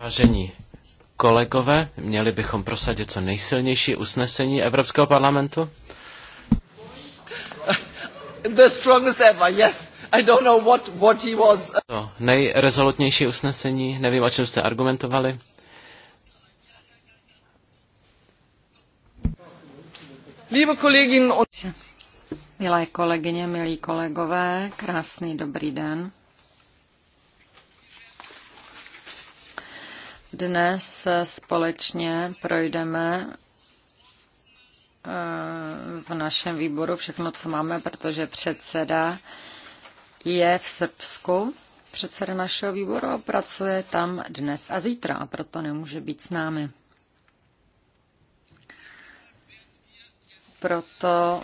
Vážení kolegové, měli bychom prosadit co nejsilnější usnesení Evropského parlamentu. The strongest ever, yes. I don't know what, what he was. To nejrezolutnější usnesení, nevím, o čem jste argumentovali. Liebe Kolleginnen und Milé kolegyně, milí kolegové, krásný dobrý den. Dnes společně projdeme eh, v našem výboru všechno, co máme, protože předseda je v Srbsku, předseda našeho výboru a pracuje tam dnes a zítra a proto nemůže být s námi. Proto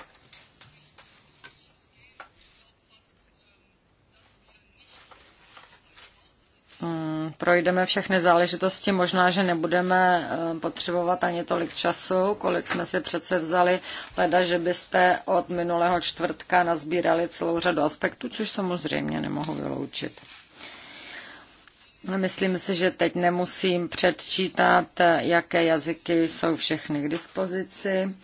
Mm, projdeme všechny záležitosti. Možná, že nebudeme eh, potřebovat ani tolik času, kolik jsme si přece vzali, leda, že byste od minulého čtvrtka nazbírali celou řadu aspektů, což samozřejmě nemohu vyloučit. Myslím si, že teď nemusím předčítat, jaké jazyky jsou všechny k dispozici.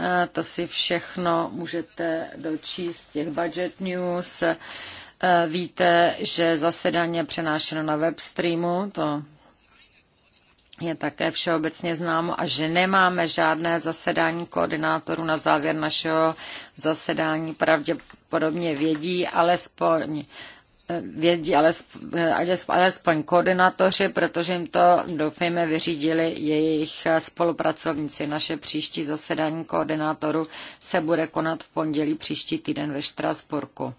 Eh, to si všechno můžete dočíst těch budget news E, víte, že zasedání je přenášeno na webstreamu, to je také všeobecně známo a že nemáme žádné zasedání koordinátorů na závěr našeho zasedání. Pravděpodobně vědí alespoň e, vědí alespoň, e, alespoň koordinátoři, protože jim to, doufejme, vyřídili jejich spolupracovníci. Naše příští zasedání koordinátoru se bude konat v pondělí příští týden ve Štrasburku.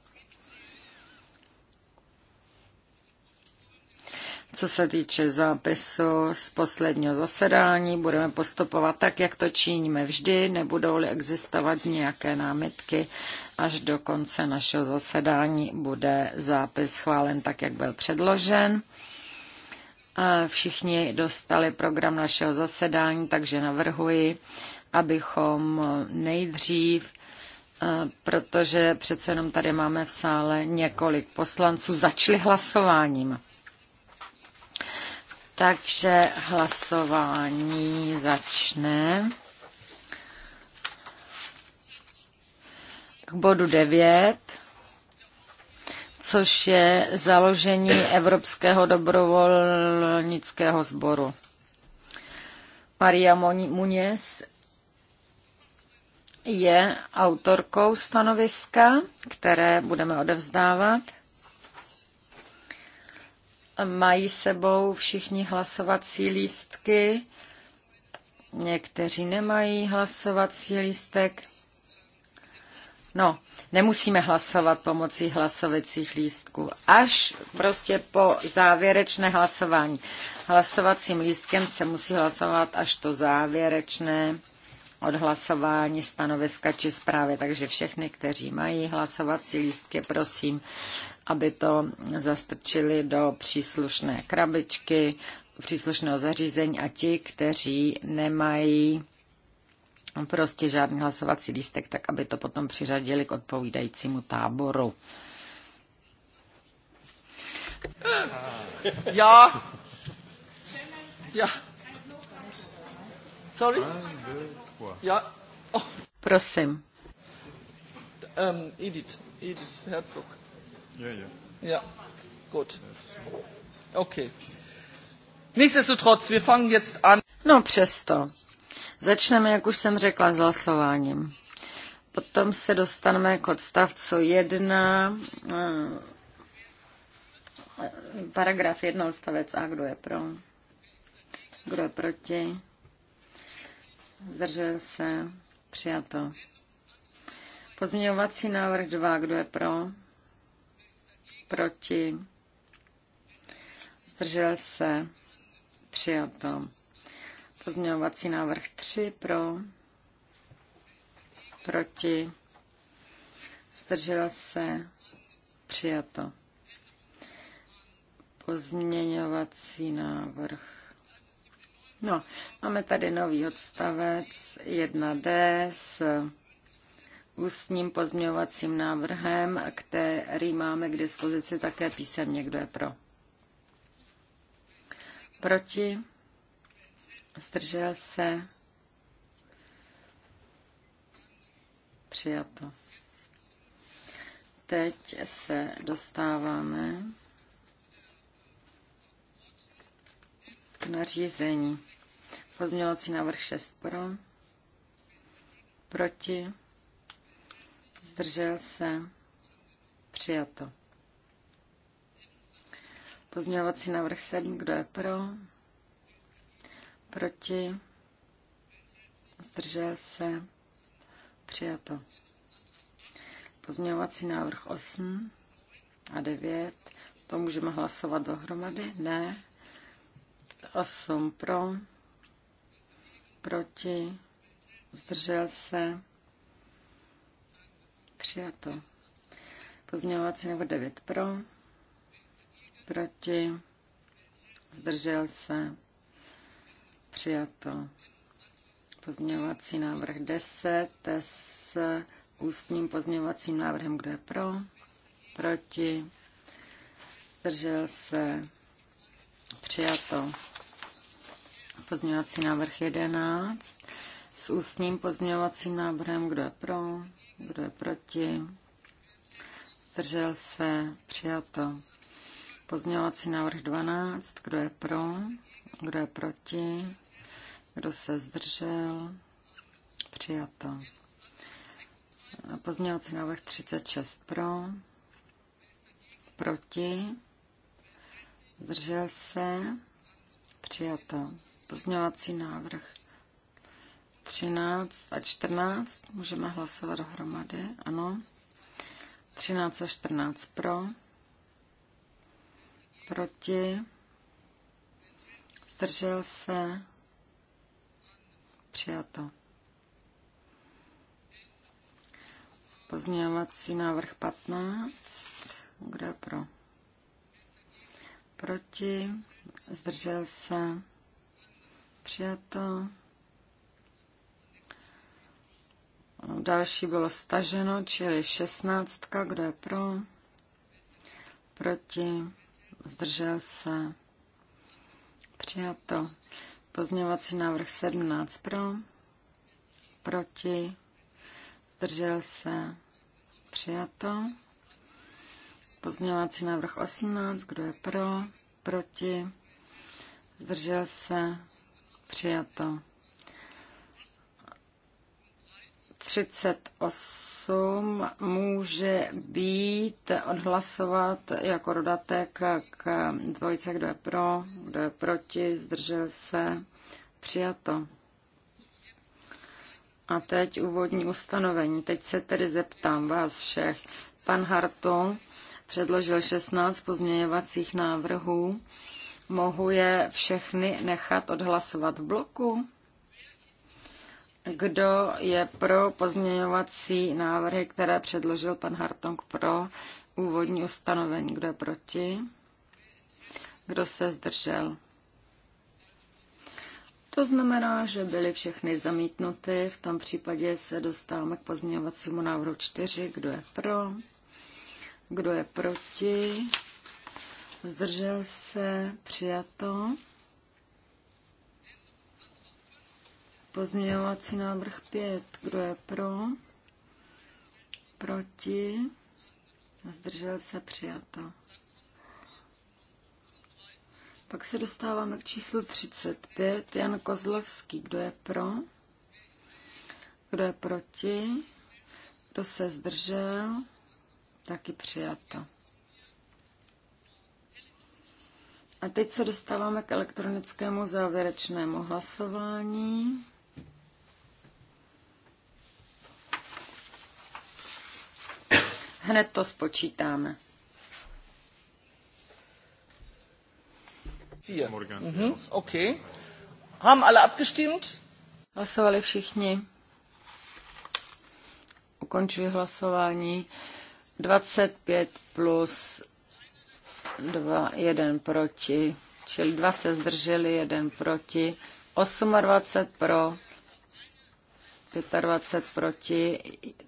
Co se týče zápisu z posledního zasedání, budeme postupovat tak, jak to činíme vždy, nebudou-li existovat nějaké námitky. Až do konce našeho zasedání bude zápis schválen tak, jak byl předložen. Všichni dostali program našeho zasedání, takže navrhuji, abychom nejdřív protože přece jenom tady máme v sále několik poslanců, začali hlasováním. Takže hlasování začne. K bodu 9, což je založení Evropského dobrovolnického sboru. Maria Muněz je autorkou stanoviska, které budeme odevzdávat. Mají sebou všichni hlasovací lístky. Někteří nemají hlasovací lístek. No, nemusíme hlasovat pomocí hlasovacích lístků. Až prostě po závěrečné hlasování. Hlasovacím lístkem se musí hlasovat až to závěrečné odhlasování stanoviska či zprávy. Takže všechny, kteří mají hlasovací lístky, prosím, aby to zastrčili do příslušné krabičky, příslušného zařízení a ti, kteří nemají prostě žádný hlasovací lístek, tak aby to potom přiřadili k odpovídajícímu táboru. Já. Já. Sorry? Já. Oh. Prosím. Um, Edith, Edith Herzog. Ja, ja. Ja, gut. Okay. Nichtsdestotrotz, wir fangen jetzt an. No přesto. Začneme, jak už jsem řekla, s hlasováním. Potom se dostaneme k odstavcu 1, eh, paragraf 1, odstavec A, kdo je pro, kdo je proti, zdržel se, přijato. Pozměňovací návrh 2, kdo je pro, proti, zdržel se, přijato. Pozměňovací návrh 3 pro, proti, zdržel se, přijato. Pozměňovací návrh No, máme tady nový odstavec 1D s ústním pozměňovacím návrhem, který máme k dispozici také písemně. Kdo je pro? Proti? Zdržel se? Přijato. Teď se dostáváme k nařízení. Pozměňovací návrh 6 pro. Proti? Zdržel se? Přijato. Pozměňovací návrh 7. Kdo je pro? Proti? Zdržel se? Přijato. Pozměňovací návrh 8 a 9. To můžeme hlasovat dohromady? Ne. 8 pro, proti, zdržel se, Přijato. Pozměňovací nebo 9 pro. Proti. Zdržel se. Přijato. Pozměňovací návrh 10 s ústním pozměňovacím návrhem, kdo je pro. Proti. Zdržel se. Přijato. Pozměňovací návrh 11 s ústním pozměňovacím návrhem, kdo je pro kdo je proti? Držel se? Přijato. Pozměňovací návrh 12. Kdo je pro? Kdo je proti? Kdo se zdržel? Přijato. Pozměňovací návrh 36 pro, proti, zdržel se, přijato. Pozměňovací návrh 13 a 14 můžeme hlasovat dohromady, ano. 13 a 14 pro, proti, zdržel se, přijato. Pozměňovací návrh 15, kdo je pro? Proti, zdržel se, přijato. Další bylo staženo, čili šestnáctka, kdo je pro, proti, zdržel se, přijato. Pozměňovací návrh 17 pro, proti, zdržel se, přijato. Pozměňovací návrh 18, kdo je pro, proti, zdržel se, přijato. 38 může být odhlasovat jako dodatek k dvojice, kdo je pro, kdo je proti, zdržel se, přijato. A teď úvodní ustanovení. Teď se tedy zeptám vás všech. Pan Harto předložil 16 pozměňovacích návrhů. Mohu je všechny nechat odhlasovat v bloku? Kdo je pro pozměňovací návrhy, které předložil pan Hartong pro úvodní ustanovení? Kdo je proti? Kdo se zdržel? To znamená, že byly všechny zamítnuty. V tom případě se dostáváme k pozměňovacímu návrhu 4. Kdo je pro? Kdo je proti? Zdržel se? Přijato. Pozměňovací návrh 5. Kdo je pro? Proti? Zdržel se přijato. Pak se dostáváme k číslu 35. Jan Kozlovský. Kdo je pro? Kdo je proti? Kdo se zdržel? Taky přijato. A teď se dostáváme k elektronickému závěrečnému hlasování. Hned to spočítáme. Mhm, okay. Haben alle abgestimmt? Hlasovali všichni. Ukončuji hlasování. 25 plus 2, 1 proti, čili 2 se zdrželi, 1 proti, 28 pro, 25 proti,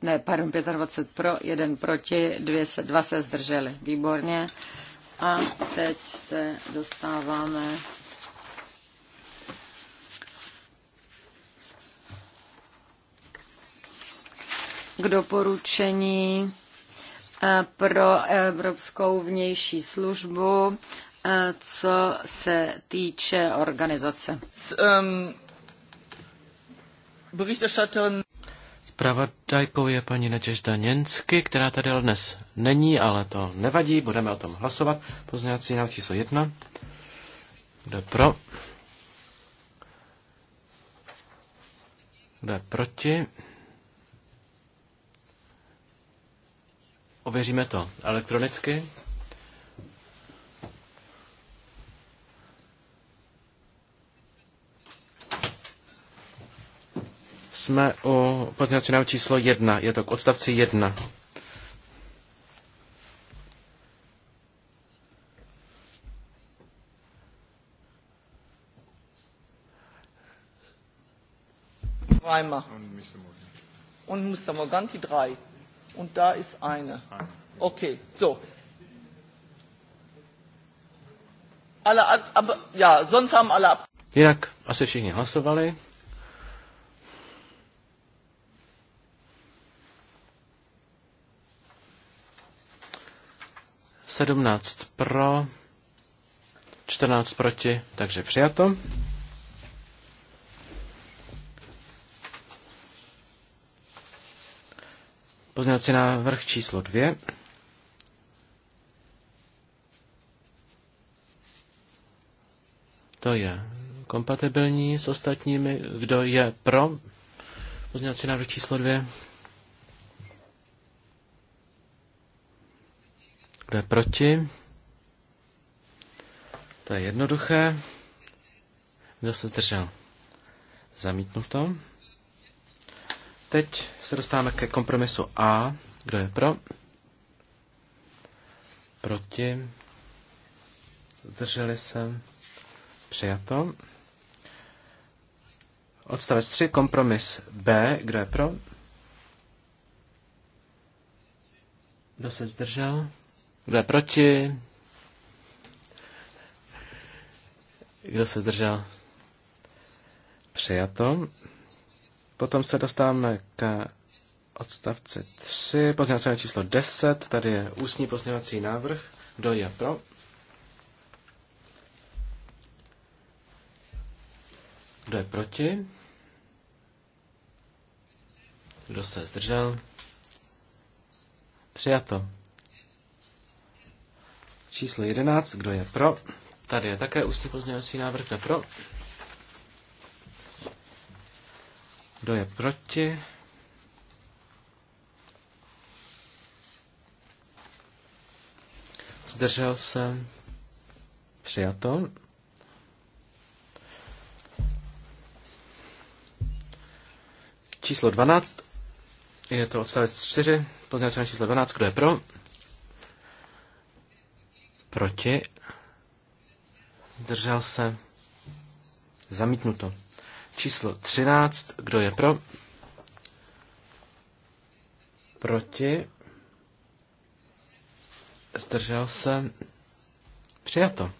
ne, pardon, 25 pro, jeden proti, 2 se, se zdrželi. Výborně. A teď se dostáváme k doporučení eh, pro Evropskou vnější službu, eh, co se týče organizace. S, um... Zpravodajkou je paní Nadežda Něnsky, která tady dnes není, ale to nevadí, budeme o tom hlasovat. Pozměňovací návrh číslo jedna. Kdo pro? Kdo je proti? Ověříme to elektronicky. jsme u pozměňovacího návrhu číslo 1. Je to k odstavci 1. Reimer. Und Mr. Morganti drei. Und da ist eine. Okay, so. Alle, aber, ja, sonst haben alle ab. Jinak asi všichni hlasovali. 17 pro, 14 proti, takže přijato. Pozměňovací návrh číslo 2. To je kompatibilní s ostatními. Kdo je pro? Pozměňovací návrh číslo 2. Kdo je proti? To je jednoduché. Kdo se zdržel? to. Teď se dostáváme ke kompromisu A. Kdo je pro? Proti? Zdrželi se? Přijato. Odstavec 3, kompromis B. Kdo je pro? Kdo se zdržel? Kdo je proti? Kdo se zdržel? Přijato. Potom se dostáváme k odstavci 3, pozměňovací číslo 10, tady je ústní pozměňovací návrh. Kdo je pro? Kdo je proti? Kdo se zdržel? Přijato. Číslo 11, kdo je pro? Tady je také ústní pozměňovací návrh, kdo je pro? Kdo je proti? Zdržel se? Přijato. Číslo 12. Je to odstavec 4. Pozměňovací číslo 12. Kdo je pro? Proti? Držel se? Zamítnuto. Číslo 13. Kdo je pro? Proti? Zdržel se? Přijato.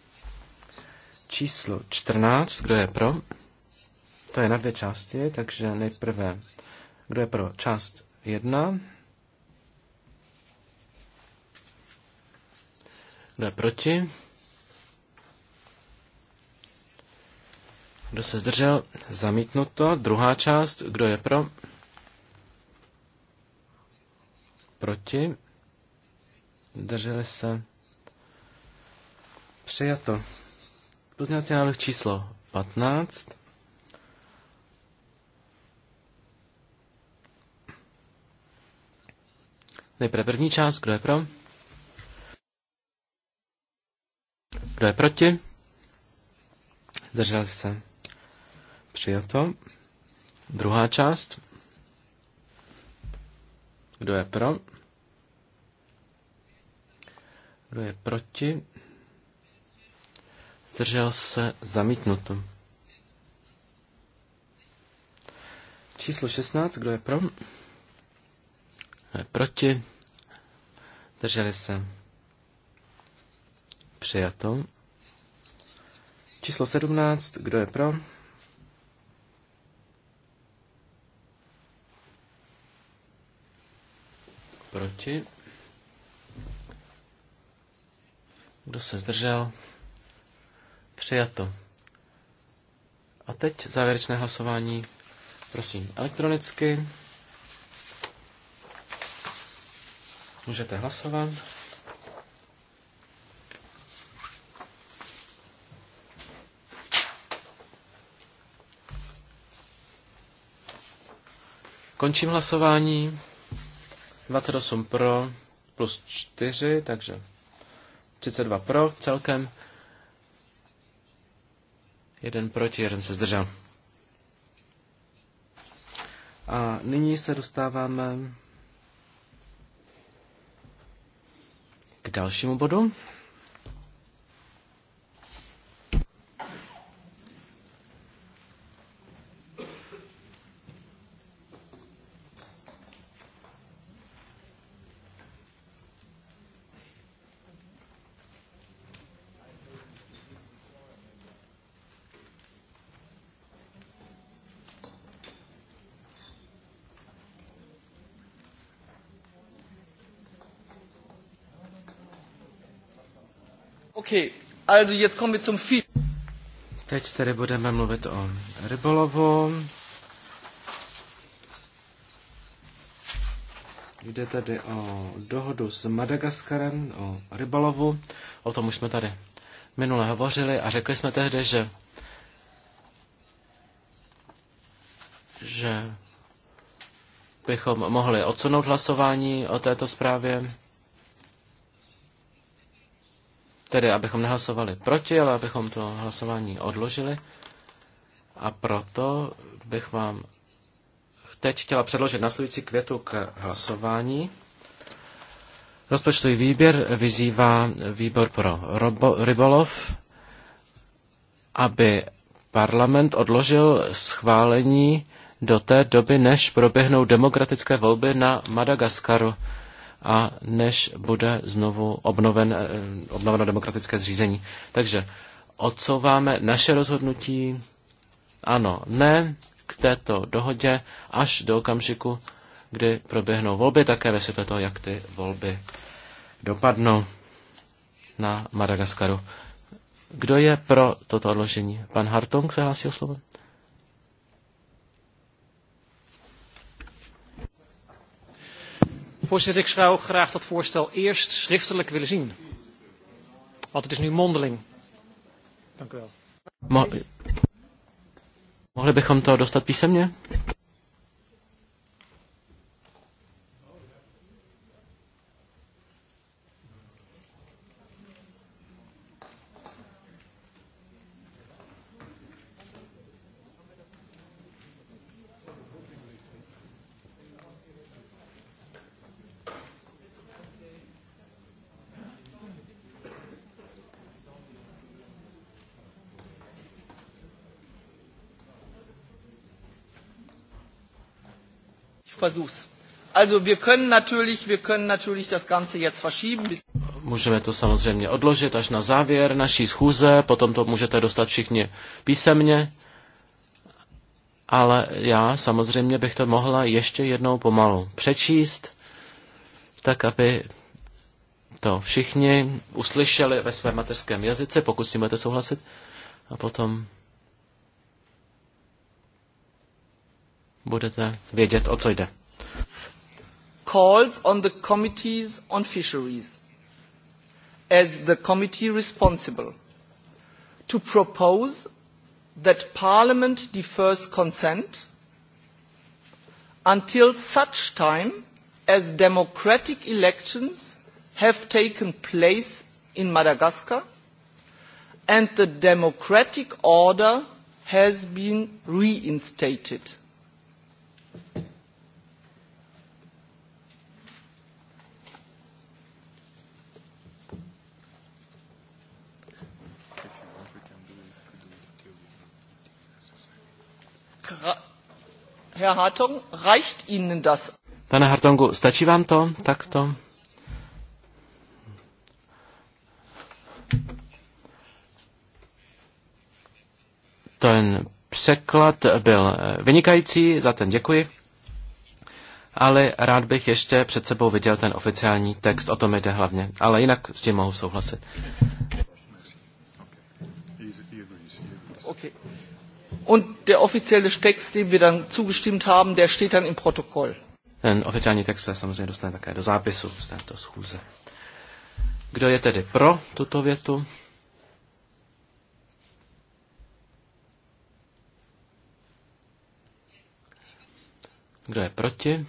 Číslo 14. Kdo je pro? To je na dvě části, takže nejprve, kdo je pro část 1? Kdo je proti? Kdo se zdržel? Zamítnuto. Druhá část. Kdo je pro? Proti? Zdrželi se? Přijato. Pozměňovací návrh číslo 15. Nejprve první část. Kdo je pro? Kdo je proti? Zdržel se. Přijato. Druhá část. Kdo je pro? Kdo je proti? Zdržel se zamítnuto. Číslo 16, kdo je pro? Kdo je proti? Drželi se. Přijato. Číslo 17. Kdo je pro? Proti. Kdo se zdržel? Přijato. A teď závěrečné hlasování. Prosím, elektronicky. Můžete hlasovat. Končím hlasování. 28 pro plus 4, takže 32 pro celkem. Jeden proti, jeden se zdržel. A nyní se dostáváme k dalšímu bodu. Okay. Also jetzt kommen wir zum Fisch. Teď tady budeme mluvit o rybolovu. Jde tady o dohodu s Madagaskarem, o rybolovu. O tom už jsme tady minule hovořili a řekli jsme tehdy, že že bychom mohli odsunout hlasování o této zprávě. Tedy, abychom nehlasovali proti, ale abychom to hlasování odložili. A proto bych vám teď chtěla předložit následující květu k hlasování. Rozpočtový výběr vyzývá výbor pro robo, rybolov, aby parlament odložil schválení do té doby, než proběhnou demokratické volby na Madagaskaru a než bude znovu obnoven, eh, obnoveno demokratické zřízení. Takže odsouváme naše rozhodnutí, ano, ne, k této dohodě až do okamžiku, kdy proběhnou volby, také ve světle toho, jak ty volby dopadnou na Madagaskaru. Kdo je pro toto odložení? Pan Hartung se hlásí o slovo? Voorzitter, ik zou graag dat voorstel eerst schriftelijk willen zien. Want het is nu mondeling. Dank u wel. Mo mohli bychom to dostat písemně? Versuchs. Also wir können natürlich, wir können natürlich das Ganze jetzt verschieben. Můžeme to samozřejmě odložit až na závěr naší schůze, potom to můžete dostat všichni písemně, ale já samozřejmě bych to mohla ještě jednou pomalu přečíst, tak aby to všichni uslyšeli ve svém mateřském jazyce, pokud s budete souhlasit, a potom budete vědět, o co jde. Calls on the committees on fisheries as the committee responsible to propose that Parliament defers consent until such time as democratic elections have taken place in Madagascar and the democratic order has been reinstated. Herr Hartung, reicht Ihnen das? Pane Hartongu, stačí vám to? Tak to. Ten překlad byl eh, vynikající, za ten děkuji. Ale rád bych ještě před sebou viděl ten oficiální text, o tom jde hlavně. Ale jinak s tím mohu souhlasit. Okay und der offizielle Text, dem wir dann zugestimmt haben, der steht dann im Protokoll. Ten oficiální text se samozřejmě dostane také do zápisu z této schůze. Kdo je tedy pro tuto větu? Kdo je proti?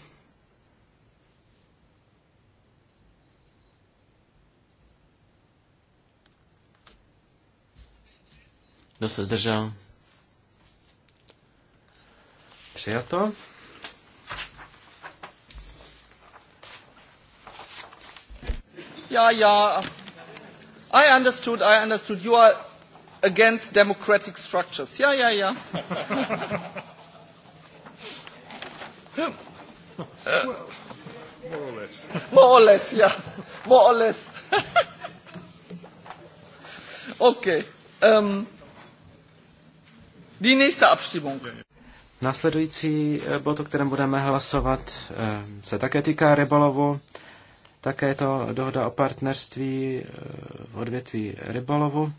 Kdo se zdržel? Přijato. Ja, ja. I understood, I understood. You are against democratic structures. Ja, ja, ja. More or less. More or less, yeah. More or less. okay. Um, die nächste Abstimmung. Následující eh, bod, o kterém budeme hlasovat, eh, se také týká rybolovu. Také je to dohoda o partnerství eh, v odvětví rybolovu.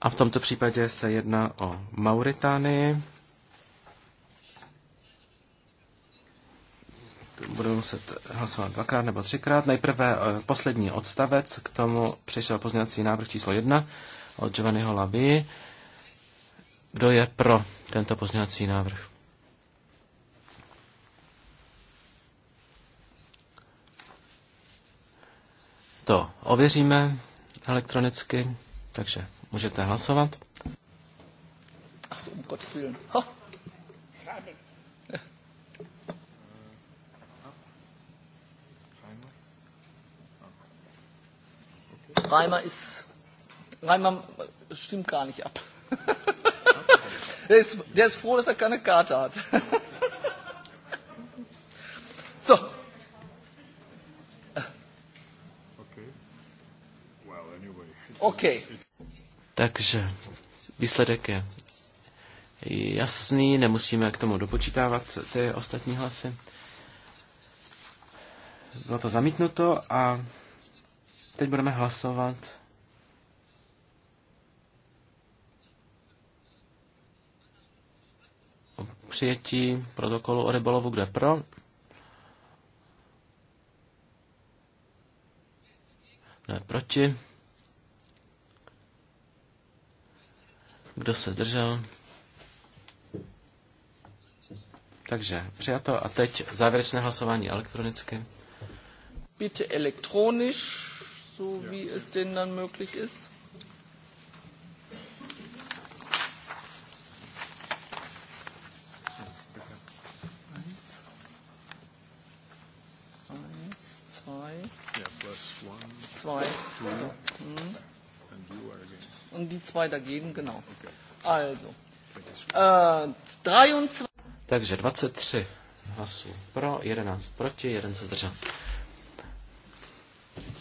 A v tomto případě se jedná o Mauritánii. Budou muset hlasovat dvakrát nebo třikrát. Nejprve poslední odstavec, k tomu přišel pozměňovací návrh číslo jedna od Giovanniho laby Kdo je pro tento pozměňovací návrh? To ověříme elektronicky, takže můžete hlasovat. Ach, um Gottes Willen. Reimer ist Reimann stimmt gar nicht ab. der, ist, der ist froh, dass er keine Karte hat. so. Okay. Takže výsledek je jasný, nemusíme k tomu dopočítávat ty ostatní hlasy. Bylo to zamítnuto a teď budeme hlasovat přijetí protokolu o rybolovu, kde pro. Kdo proti? Kdo se zdržel? Takže přijato a teď závěrečné hlasování elektronicky. Bitte elektronisch, so wie es denn dann möglich ist. 2. Mhm. Und die zwei dagegen, genau. Also. Äh, 23. Takže 23 hlasů pro, 11 proti, 1 se zdržel.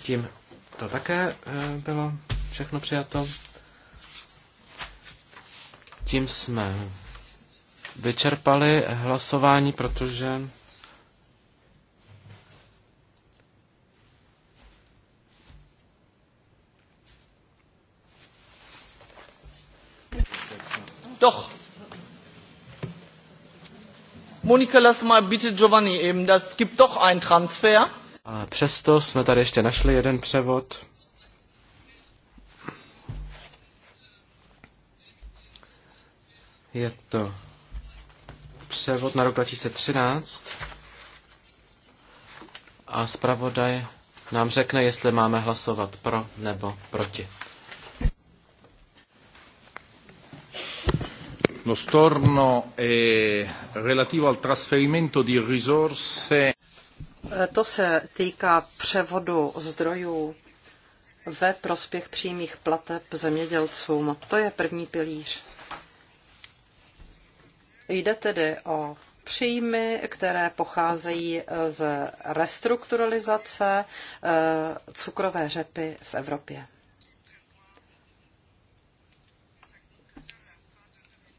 Tím to také eh, bylo všechno přijato. Tím jsme vyčerpali hlasování, protože Doch. Monika, lass mal bitte Giovanni eben, das gibt doch einen Transfer. A přesto jsme tady ještě našli jeden převod. Je to převod na rok 2013 a zpravodaj nám řekne, jestli máme hlasovat pro nebo proti. lo storno è relativo al trasferimento di risorse. Eh, to se týká převodu zdrojů ve prospěch přímých plateb zemědělcům. To je první pilíř. Jde tedy o příjmy, které pocházejí eh, z restrukturalizace eh, cukrové řepy v Evropě.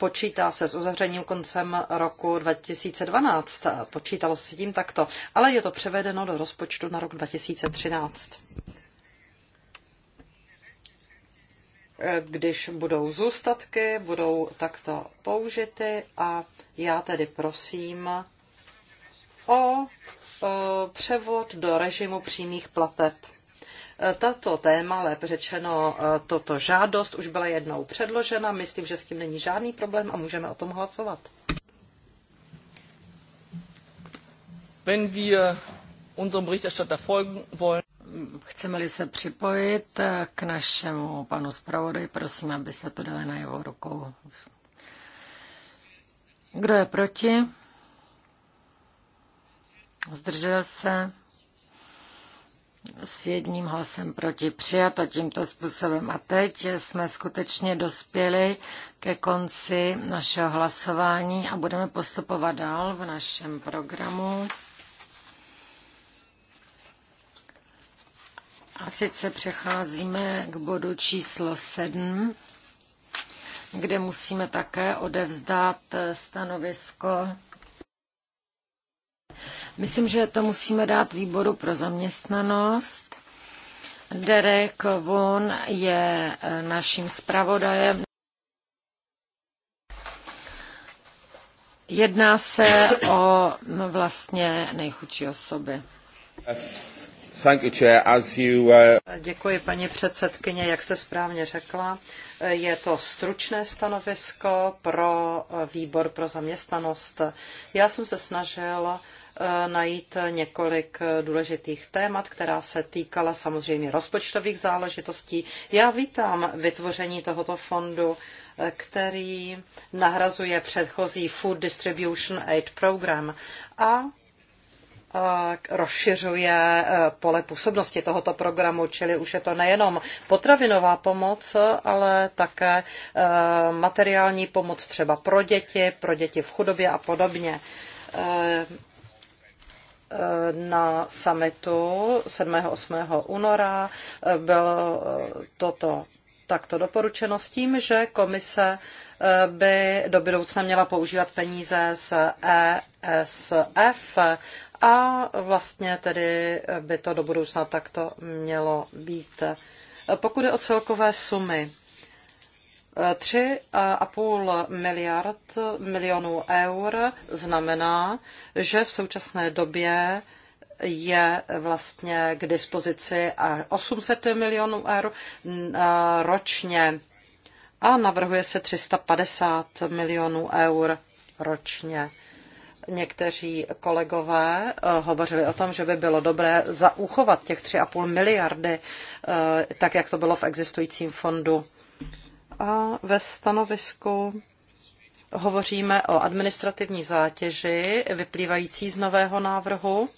počítá se s uzavřením koncem roku 2012. Počítalo se tím takto, ale je to převedeno do rozpočtu na rok 2013. Když budou zůstatky, budou takto použity a já tedy prosím o převod do režimu přímých plateb. Tato téma, lépe řečeno, e, toto žádost už byla jednou předložena. Myslím, že s tím není žádný problém a můžeme o tom hlasovat. Wenn wir unserem Berichterstatter folgen wollen, Chceme-li se připojit e, k našemu panu zpravodaji, prosím, abyste to dali na jeho rukou. Kdo je proti? Zdržel se? s jedním hlasem proti přijato tímto způsobem. A teď jsme skutečně dospěli ke konci našeho hlasování a budeme postupovat dál v našem programu. A sice přecházíme k bodu číslo 7, kde musíme také odevzdat stanovisko Myslím, že to musíme dát výboru pro zaměstnanost. Derek Von je eh, naším zpravodajem. Jedná se o no, vlastně nejchudší osoby. Eh, Děkuji, paní předsedkyně. Jak jste správně řekla, eh, je to stručné stanovisko pro výbor pro zaměstnanost. Já jsem se snažil Eh, najít několik eh, důležitých témat, která se týkala samozřejmě rozpočtových záležitostí. Já vítám vytvoření tohoto fondu, eh, který nahrazuje předchozí Food Distribution Aid Program a rozšiřuje pole působnosti tohoto programu, čili už je to nejenom potravinová pomoc, ale také materiální pomoc třeba pro děti, pro děti v chudobě a podobně. Eh, na summitu 7. 8. února eh, bylo eh, toto takto doporučeno s tím, že komise by do budoucna měla používat peníze z ESF a vlastně tedy by to do budoucna takto mělo být. Pokud je o celkové sumy, Tři a půl miliard milionů eur znamená, že v současné době je vlastně k dispozici 800 milionů eur ročně a navrhuje se 350 milionů eur ročně. Někteří kolegové eh, hovořili o tom, že by bylo dobré zauchovat těch 3,5 miliardy, eh, tak jak to bylo v existujícím fondu a ve stanovisku hovoříme o administrativní zátěži vyplývající z nového návrhu.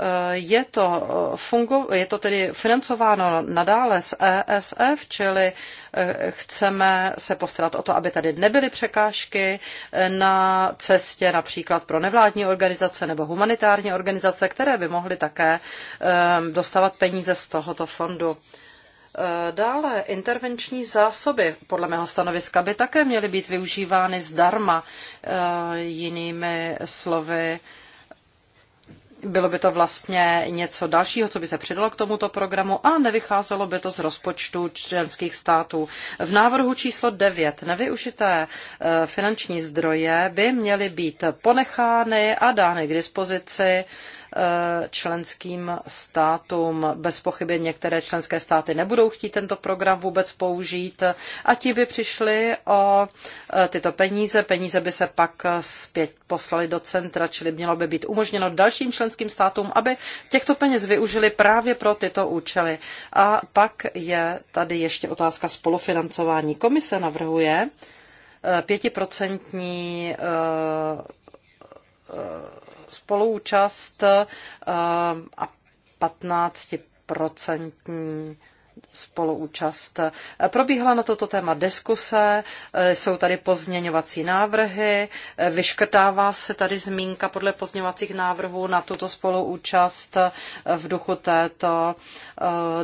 Eh, je to, eh, fungo, je to tedy financováno nadále z ESF, čili eh, chceme se postarat o to, aby tady nebyly překážky na cestě například pro nevládní organizace nebo humanitární organizace, které by mohly také dostávat peníze z tohoto fondu. Dále intervenční zásoby, podle mého stanoviska, by také měly být využívány zdarma. Eh, jinými slovy, bylo by to vlastně něco dalšího, co by se přidalo k tomuto programu a nevycházelo by to z rozpočtu členských států. V návrhu číslo 9 nevyužité eh, finanční zdroje by měly být ponechány a dány k dispozici Eh, členským státům. Bez pochyby některé členské státy nebudou chtít tento program vůbec použít a ti by přišli o eh, tyto peníze. Peníze by se pak zpět poslali do centra, čili mělo by být umožněno dalším členským státům, aby těchto peněz využili právě pro tyto účely. A pak je tady ještě otázka spolufinancování. Komise navrhuje eh, pětiprocentní spoluúčast eh, a 15% spoluúčast. Eh, probíhala na toto téma diskuse, eh, jsou tady pozměňovací návrhy, vyškrtává se tady zmínka podle pozměňovacích návrhů na tuto spoluúčast v duchu této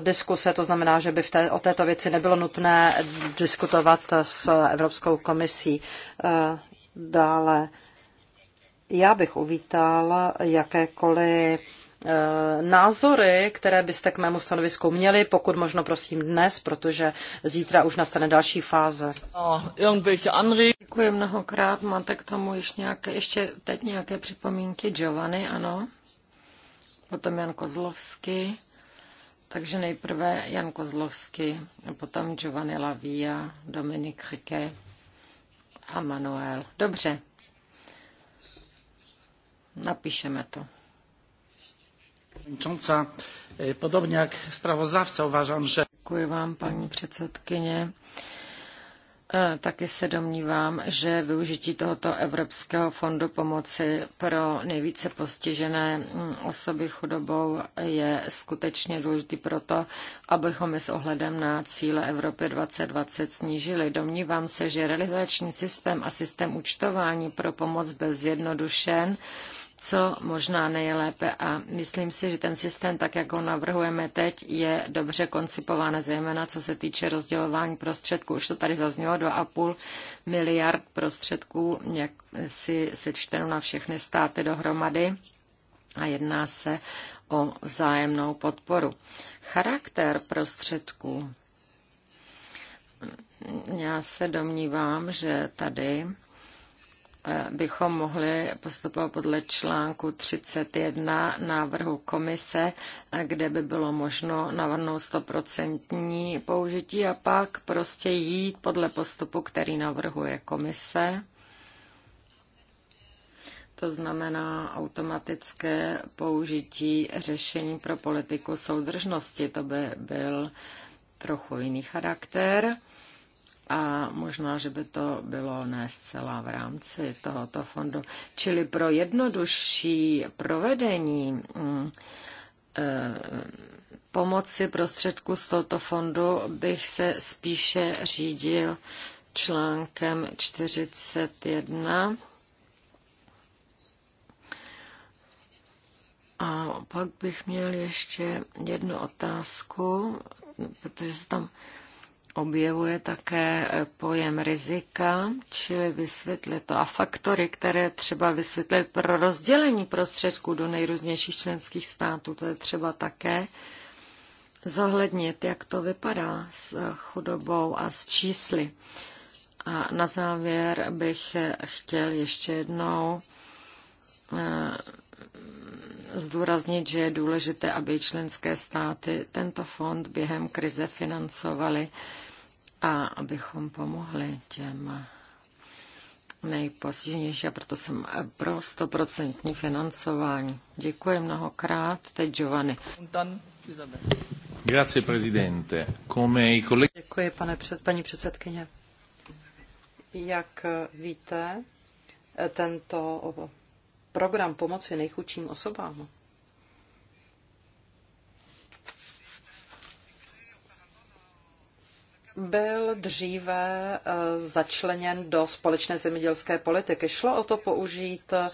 diskuse. To znamená, že by v té, o této věci nebylo nutné diskutovat s Evropskou komisí dále. Já bych uvítala jakékoliv eh, názory, které byste k mému stanovisku měli, pokud možno prosím dnes, protože zítra už nastane další fáze. Děkuji mnohokrát. Máte k tomu ještě nějaké, ještě teď nějaké připomínky? Giovanni, ano. Potom Jan Kozlovský. Takže nejprve Jan Kozlovský, potom Giovanni Lavia, Dominik Chike a Manuel. Dobře, Napíšeme to. E, Podobně jak zpravodajce, uvažám, že... Děkuji vám, paní předsedkyně. E, taky se domnívám, že využití tohoto Evropského fondu pomoci pro nejvíce postižené mm, osoby chudobou je skutečně důležitý proto, abychom s ohledem na cíle Evropy 2020 snížili. Domnívám se, že realizační systém a systém účtování pro pomoc byl zjednodušen co možná nejlépe a myslím si, že ten systém, tak jak ho navrhujeme teď, je dobře koncipován, zejména co se týče rozdělování prostředků. Už to tady zaznělo 2,5 miliard prostředků, jak si sečteno na všechny státy dohromady a jedná se o vzájemnou podporu. Charakter prostředků. Já se domnívám, že tady Eh, bychom mohli postupovat podle článku 31 návrhu komise, eh, kde by bylo možno navrhnout stoprocentní použití a pak prostě jít podle postupu, který navrhuje komise. To znamená automatické použití řešení pro politiku soudržnosti. To by byl trochu jiný charakter a možná, že by to bylo ne zcela v rámci tohoto fondu. Čili pro jednodušší provedení mm, eh, pomoci prostředku z tohoto fondu bych se spíše řídil článkem 41 A pak bych měl ještě jednu otázku, protože se tam objevuje také eh, pojem rizika, čili vysvětlit to a faktory, které třeba vysvětlit pro rozdělení prostředků do nejrůznějších členských států. To je třeba také zohlednit, jak to vypadá s eh, chudobou a s čísly. A na závěr bych eh, chtěl ještě jednou zdůraznit, že je důležité, aby členské státy tento fond během krize financovaly a abychom pomohli těm nejpostiženější a proto jsem pro stoprocentní financování. Děkuji mnohokrát. Teď Giovanni. Grazie, Presidente, Come i colleghi. Děkuji, pane před, paní předsedkyně. Jak víte, tento program pomoci nejchudším osobám. byl dříve eh, začleněn do společné zemědělské politiky. Šlo o to použít eh,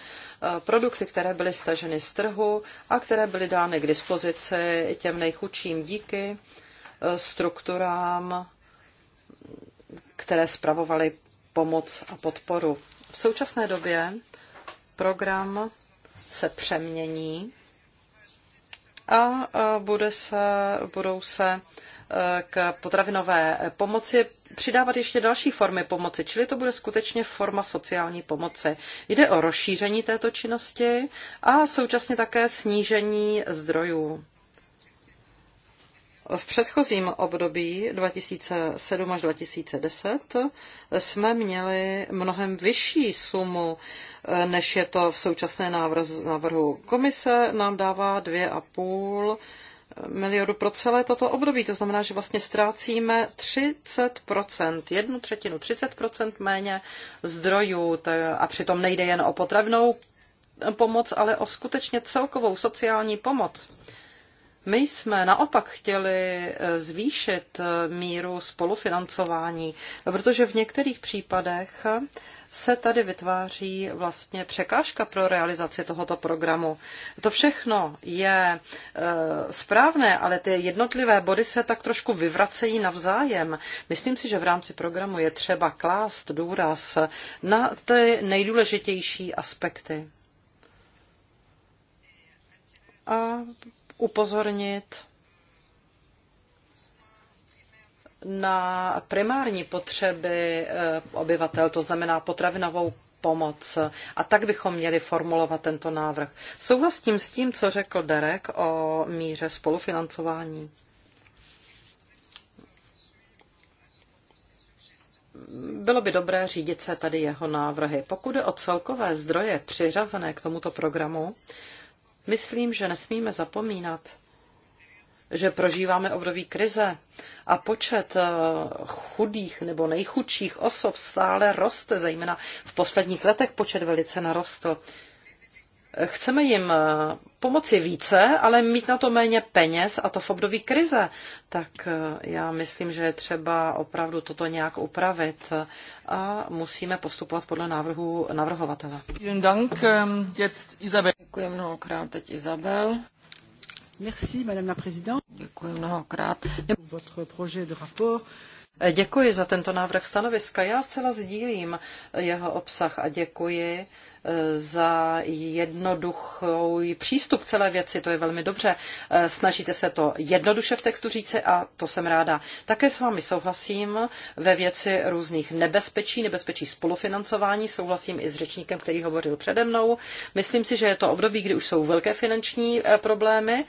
produkty, které byly staženy z trhu a které byly dány k dispozici těm nejchudším díky eh, strukturám, které spravovaly pomoc a podporu. V současné době program se přemění a bude se, budou se e, k potravinové pomoci přidávat ještě další formy pomoci, čili to bude skutečně forma sociální pomoci. Jde o rozšíření této činnosti a současně také snížení zdrojů. V předchozím období 2007 až 2010 jsme měli mnohem vyšší sumu, eh, než je to v současné návrhu. Komise nám dává 2,5 eh, miliardu pro celé toto období. To znamená, že vlastně ztrácíme 30%, jednu třetinu, 30% méně zdrojů a přitom nejde jen o potravnou pomoc, ale o skutečně celkovou sociální pomoc. My jsme naopak chtěli eh, zvýšit eh, míru spolufinancování, protože v některých případech se tady vytváří vlastně překážka pro realizaci tohoto programu. To všechno je e, správné, ale ty jednotlivé body se tak trošku vyvracejí navzájem. Myslím si, že v rámci programu je třeba klást důraz na ty nejdůležitější aspekty. A upozornit na primární potřeby eh, obyvatel, to znamená potravinovou pomoc. A tak bychom měli formulovat tento návrh. Souhlasím s tím, co řekl Derek o míře spolufinancování. Bylo by dobré řídit se tady jeho návrhy. Pokud je o celkové zdroje přiřazené k tomuto programu, Myslím, že nesmíme zapomínat, že prožíváme období krize a počet eh, chudých nebo nejchudších osob stále roste, zejména v posledních letech počet velice narostl. Chceme jim eh, pomoci více, ale mít na to méně peněz a to v období krize. Tak eh, já myslím, že je třeba opravdu toto nějak upravit eh, a musíme postupovat podle návrhu navrhovatele. Ehm, děkuji mnohokrát teď Izabel. Merci, Madame la Děkuji mnohokrát. Votre projet de rapport. Děkuji za tento návrh stanoviska. Já zcela sdílím jeho obsah a děkuji Eh, za jednoduchou přístup k celé věci, to je velmi dobře. Eh, snažíte se to jednoduše v textu říci a to jsem ráda. Také s vámi souhlasím ve věci různých nebezpečí, nebezpečí spolufinancování, souhlasím i s řečníkem, který hovořil přede mnou. Myslím si, že je to období, kdy už jsou velké finanční eh, problémy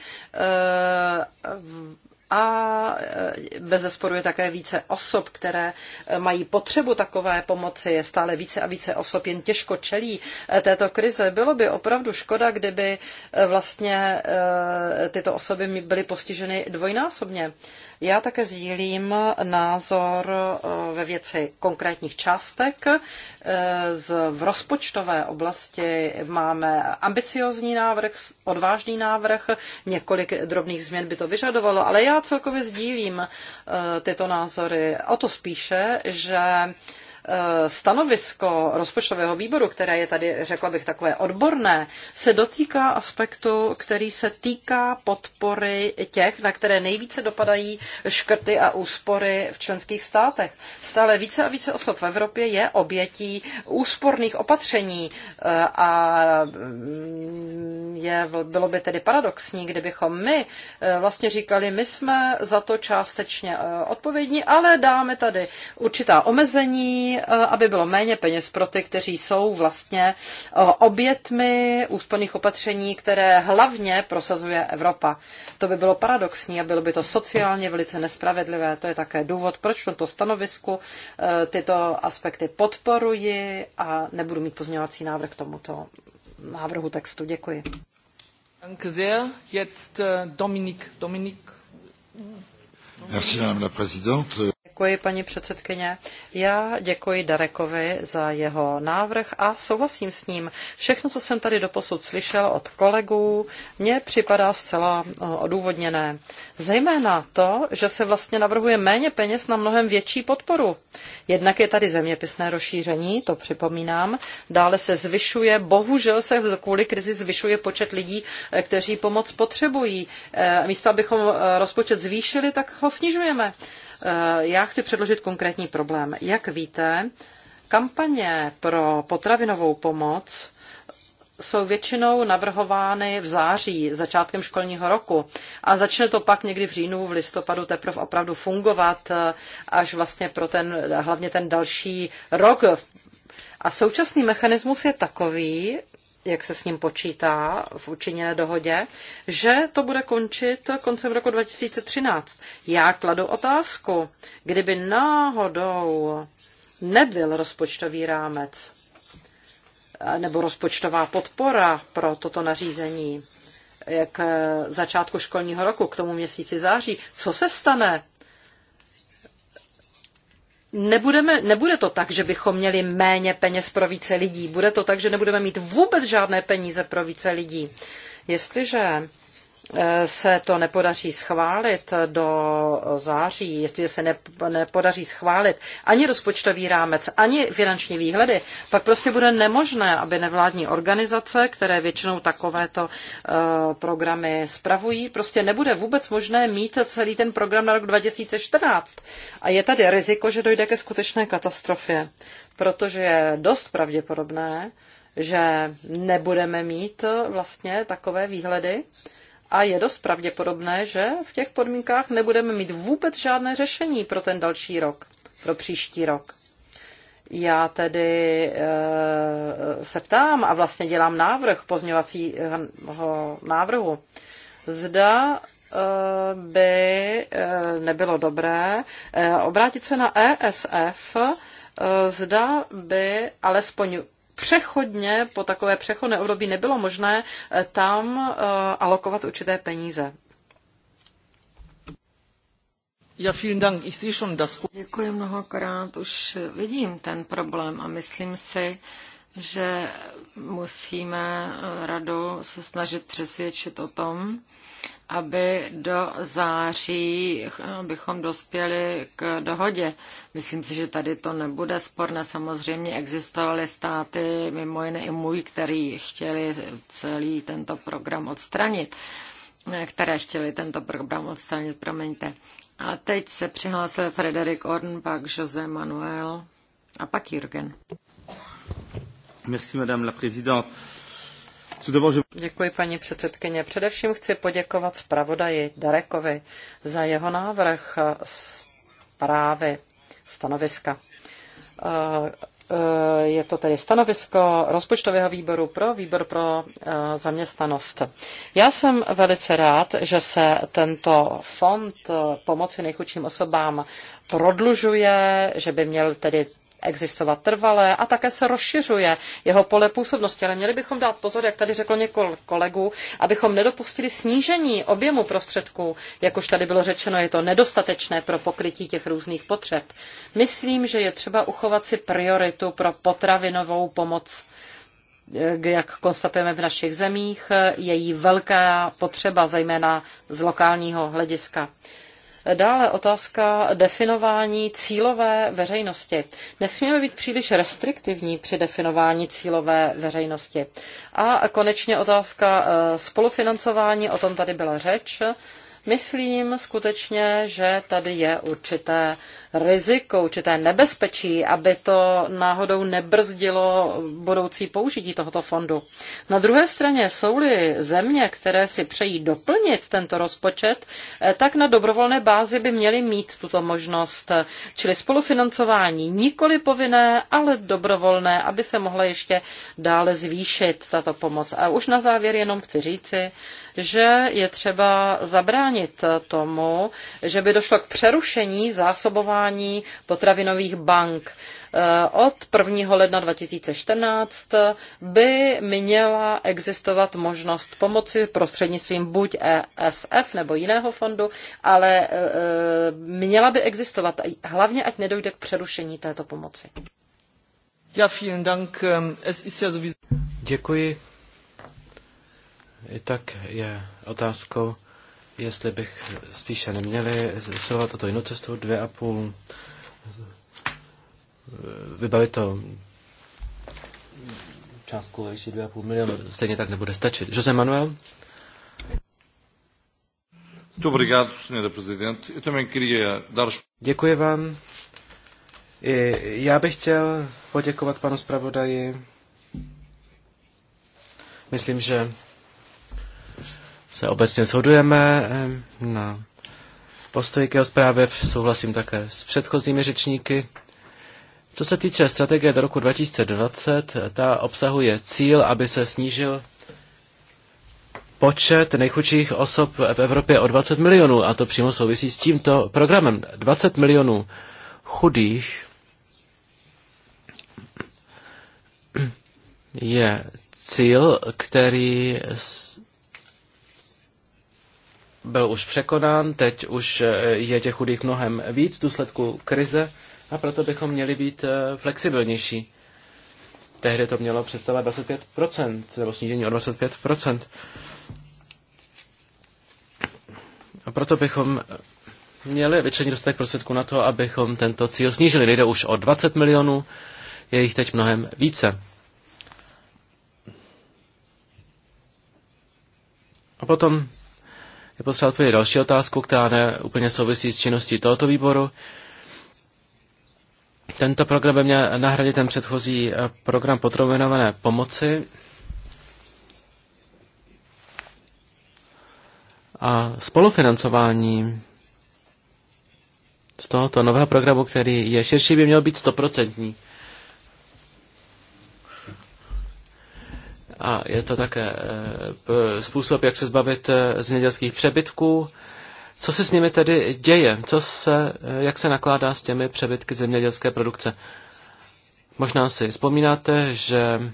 a e, bez zesporu je také více osob, které e, mají potřebu takové pomoci. Je stále více a více osob jen těžko čelí e, této krize. Bylo by opravdu škoda, kdyby vlastně tyto osoby byly postiženy dvojnásobně. Já také sdílím názor e, ve věci konkrétních částek. E, v rozpočtové oblasti máme ambiciozní návrh, odvážný návrh, několik drobných změn by to vyžadovalo, ale já celkově sdílím e, tyto názory. O to spíše, že Eh, stanovisko rozpočtového výboru, které je tady, řekla bych, takové odborné, se dotýká aspektu, který se týká podpory těch, na které nejvíce dopadají škrty a úspory v členských státech. Stále více a více osob v Evropě je obětí úsporných opatření eh, a mm, je, bylo by tedy paradoxní, kdybychom my eh, vlastně říkali, my jsme za to částečně odpovědní, ale dáme tady určitá omezení, Eh, aby bylo méně peněz pro ty, kteří jsou vlastně eh, obětmi úsporných opatření, které hlavně prosazuje Evropa. To by bylo paradoxní a bylo by to sociálně velice nespravedlivé. To je také důvod, proč v tomto stanovisku eh, tyto aspekty podporuji a nebudu mít pozměňovací návrh k tomuto návrhu textu. Děkuji. Danke sehr. Jetzt Dominik. Dominik. Merci, Madame la Présidente. Děkuji, paní předsedkyně. Já děkuji Darekovi za jeho návrh a souhlasím s ním. Všechno, co jsem tady doposud slyšel od kolegů, mně připadá zcela odůvodněné. Zejména to, že se vlastně navrhuje méně peněz na mnohem větší podporu. Jednak je tady zeměpisné rozšíření, to připomínám. Dále se zvyšuje, bohužel se kvůli krizi zvyšuje počet lidí, e, kteří pomoc potřebují. E, místo, abychom e, rozpočet zvýšili, tak ho snižujeme. Eh, já chci předložit konkrétní problém. Jak víte, kampaně pro potravinovou pomoc jsou většinou navrhovány v září, začátkem školního roku. A začne to pak někdy v říjnu, v listopadu teprve opravdu fungovat eh, až vlastně pro ten, hlavně ten další rok. A současný mechanismus je takový, jak se s ním počítá v učiněné dohodě, že to bude končit koncem roku 2013. Já kladu otázku, kdyby náhodou nebyl rozpočtový rámec eh, nebo rozpočtová podpora pro toto nařízení k eh, začátku školního roku, k tomu měsíci září, co se stane nebudeme, nebude to tak, že bychom měli méně peněz pro více lidí. Bude to tak, že nebudeme mít vůbec žádné peníze pro více lidí. Jestliže Eh, se to nepodaří schválit do září, jestliže se nepodaří schválit ani rozpočtový rámec, ani finanční výhledy, pak prostě bude nemožné, aby nevládní organizace, které většinou takovéto eh, programy spravují, prostě nebude vůbec možné mít celý ten program na rok 2014. A je tady riziko, že dojde ke skutečné katastrofě, protože je dost pravděpodobné, že nebudeme mít eh, vlastně takové výhledy, a je dost pravděpodobné, že v těch podmínkách nebudeme mít vůbec žádné řešení pro ten další rok, pro příští rok. Já tedy e, se ptám a vlastně dělám návrh pozměvacího návrhu. Zda eh, by eh, nebylo dobré obrátit se na ESF, zda by alespoň přechodně, po takové přechodné období nebylo možné eh, tam eh, alokovat určité peníze. Ja, vielen Dank. Ich sehe schon das Děkuji mnohokrát, už vidím ten problém a myslím si, že musíme eh, radu se snažit přesvědčit o tom, aby do září eh, bychom dospěli k dohodě. Myslím si, že tady to nebude sporné. Samozřejmě existovaly státy, mimo jiné i můj, který chtěli celý tento program odstranit eh, které chtěli tento program odstranit, promiňte. A teď se přihlásil Frederik Orn, pak José Manuel a pak Jürgen. Merci, madame la présidente. Děkuji, paní předsedkyně. Především chci poděkovat zpravodaji Darekovi za jeho návrh zprávy stanoviska. Eh, eh, je to tedy stanovisko rozpočtového výboru pro výbor pro eh, zaměstnanost. Já jsem velice rád, že se tento fond pomoci nejchudším osobám prodlužuje, že by měl tedy existovat trvalé a také se rozšiřuje jeho pole působnosti. Ale měli bychom dát pozor, jak tady řekl několik kolegů, abychom nedopustili snížení objemu prostředků, jak už tady bylo řečeno, je to nedostatečné pro pokrytí těch různých potřeb. Myslím, že je třeba uchovat si prioritu pro potravinovou pomoc eh, jak konstatujeme v našich zemích, eh, je jí velká potřeba, zejména z lokálního hlediska. Dále otázka definování cílové veřejnosti. Nesmíme být příliš restriktivní při definování cílové veřejnosti. A konečně otázka eh, spolufinancování, o tom tady byla řeč. Myslím skutečně, že tady je určité riziku, určité nebezpečí, aby to náhodou nebrzdilo budoucí použití tohoto fondu. Na druhé straně jsou-li země, které si přejí doplnit tento rozpočet, eh, tak na dobrovolné bázi by měly mít tuto možnost, čili spolufinancování nikoli povinné, ale dobrovolné, aby se mohla ještě dále zvýšit tato pomoc. A už na závěr jenom chci říci, že je třeba zabránit tomu, že by došlo k přerušení zásobování fungování potravinových bank. Eh, od 1. ledna 2014 by měla existovat možnost pomoci prostřednictvím buď ESF nebo jiného fondu, ale eh, eh, měla by existovat hlavně, ať nedojde k přerušení této pomoci. Ja, vielen Dank. Ähm, es ist ja sowieso... Děkuji. I tak je otázkou, jestli bych spíše neměli silovat toto jinou cestu, dvě a půl, eh, vybavit to částku ve výši 2,5 milionu, stejně tak nebude stačit. Jose Manuel? Děkuji vám. I já bych chtěl poděkovat panu zpravodaji. Myslím, že se obecně shodujeme eh, na postoji k jeho zprávě, souhlasím také s předchozími řečníky. Co se týče strategie do roku 2020, ta obsahuje cíl, aby se snížil počet nejchudších osob v Evropě o 20 milionů a to přímo souvisí s tímto programem. 20 milionů chudých je cíl, který byl už překonán, teď už eh, je těch chudých mnohem víc v důsledku krize a proto bychom měli být eh, flexibilnější. Tehdy to mělo představovat 25%, nebo snížení o 25%. A proto bychom měli většině dostatek prostředků na to, abychom tento cíl snížili. Nejde už o 20 milionů, je jich teď mnohem více. A potom je potřeba odpovědět další otázku, která ne úplně souvisí s činností tohoto výboru. Tento program by měl nahradit ten předchozí eh, program potrovinované pomoci. A spolufinancování z tohoto nového programu, který je širší, by měl být stoprocentní. A je to také eh, způsob, jak se zbavit eh, zemědělských přebytků. Co se s nimi tedy děje? Co se, eh, jak se nakládá s těmi přebytky zemědělské produkce? Možná si vzpomínáte, že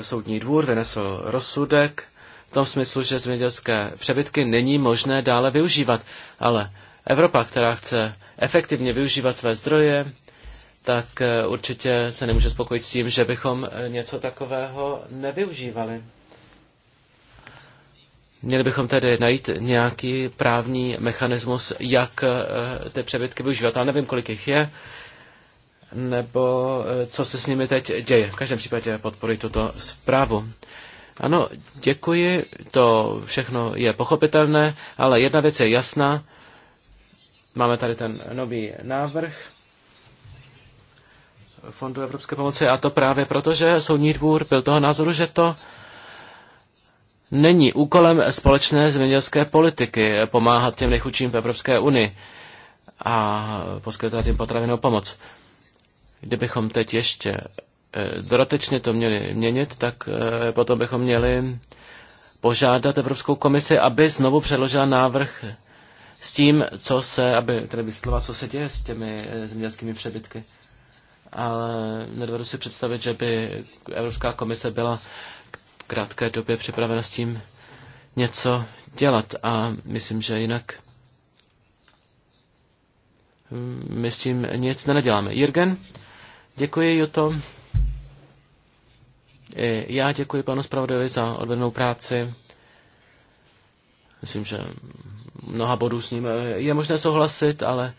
soudní dvůr vynesl rozsudek v tom smyslu, že zemědělské přebytky není možné dále využívat. Ale Evropa, která chce efektivně využívat své zdroje, tak eh, určitě se nemůže spokojit s tím, že bychom eh, něco takového nevyužívali. Měli bychom tedy najít nějaký právní mechanismus, jak eh, ty přebytky využívat. Já nevím, kolik jich je, nebo co se s nimi teď děje. V každém případě podporuji tuto zprávu. Ano, děkuji, to všechno je pochopitelné, ale jedna věc je jasná. Máme tady ten nový návrh Fondu Evropské pomoci a to právě proto, že Soudní dvůr byl toho názoru, že to není úkolem společné zemědělské politiky pomáhat těm nejchudším v Evropské unii a poskytovat jim potravinou pomoc. Kdybychom teď ještě eh, dodatečně to měli měnit, tak eh, potom bychom měli požádat Evropskou komisi, aby znovu předložila návrh s tím, co se, aby tedy vysvětlovat, co se děje s těmi eh, zemědělskými přebytky ale nedovedu si představit, že by Evropská komise byla v krátké době připravena s tím něco dělat a myslím, že jinak my s tím nic nenaděláme. Jirgen, děkuji, Juto. I já děkuji panu zpravodajovi za odvednou práci. Myslím, že mnoha bodů s ním je možné souhlasit, ale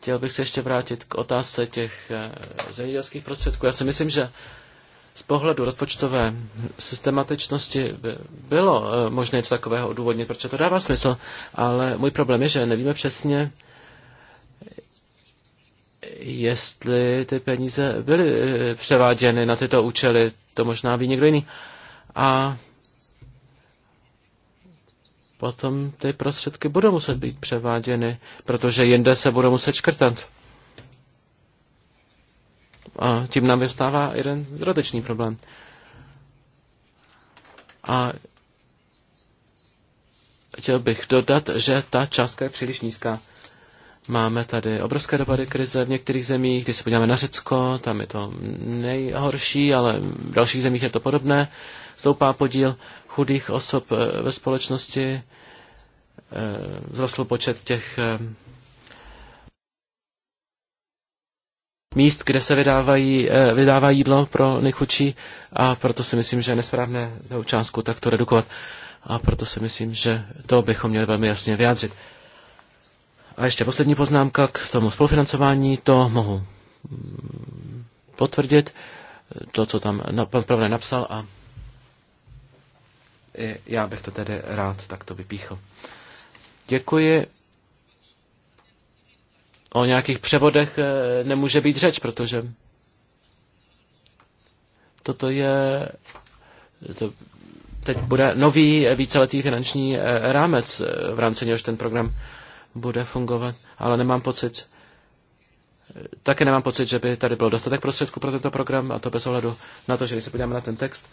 Chtěl bych se ještě vrátit k otázce těch eh, zemědělských prostředků. Já si myslím, že z pohledu rozpočtové systematičnosti by bylo eh, možné něco takového odůvodnit, protože to dává smysl, ale můj problém je, že nevíme přesně, jestli ty peníze byly eh, převáděny na tyto účely, to možná ví někdo jiný. A potom ty prostředky budou muset být převáděny, protože jinde se budou muset škrtat. A tím nám vystává jeden zrodečný problém. A chtěl bych dodat, že ta částka je příliš nízká. Máme tady obrovské dopady krize v některých zemích, když se podíváme na Řecko, tam je to nejhorší, ale v dalších zemích je to podobné. Stoupá podíl chudých osob eh, ve společnosti, eh, vzrostl počet těch eh, míst, kde se vydávají, vydává jídlo pro nejchudší a proto si myslím, že je nesprávné částku takto redukovat a proto si myslím, že to bychom měli velmi jasně vyjádřit. A ještě poslední poznámka k tomu spolufinancování, to mohu mm, potvrdit, to, co tam pan Pravda napsal a já bych to tedy rád takto vypíchl. Děkuji. O nějakých převodech eh, nemůže být řeč, protože toto je, to teď bude nový víceletý finanční eh, rámec, eh, v rámci něhož ten program bude fungovat, ale nemám pocit, také nemám pocit, že by tady byl dostatek prostředků pro tento program, a to bez ohledu na to, že když se podíváme na ten text,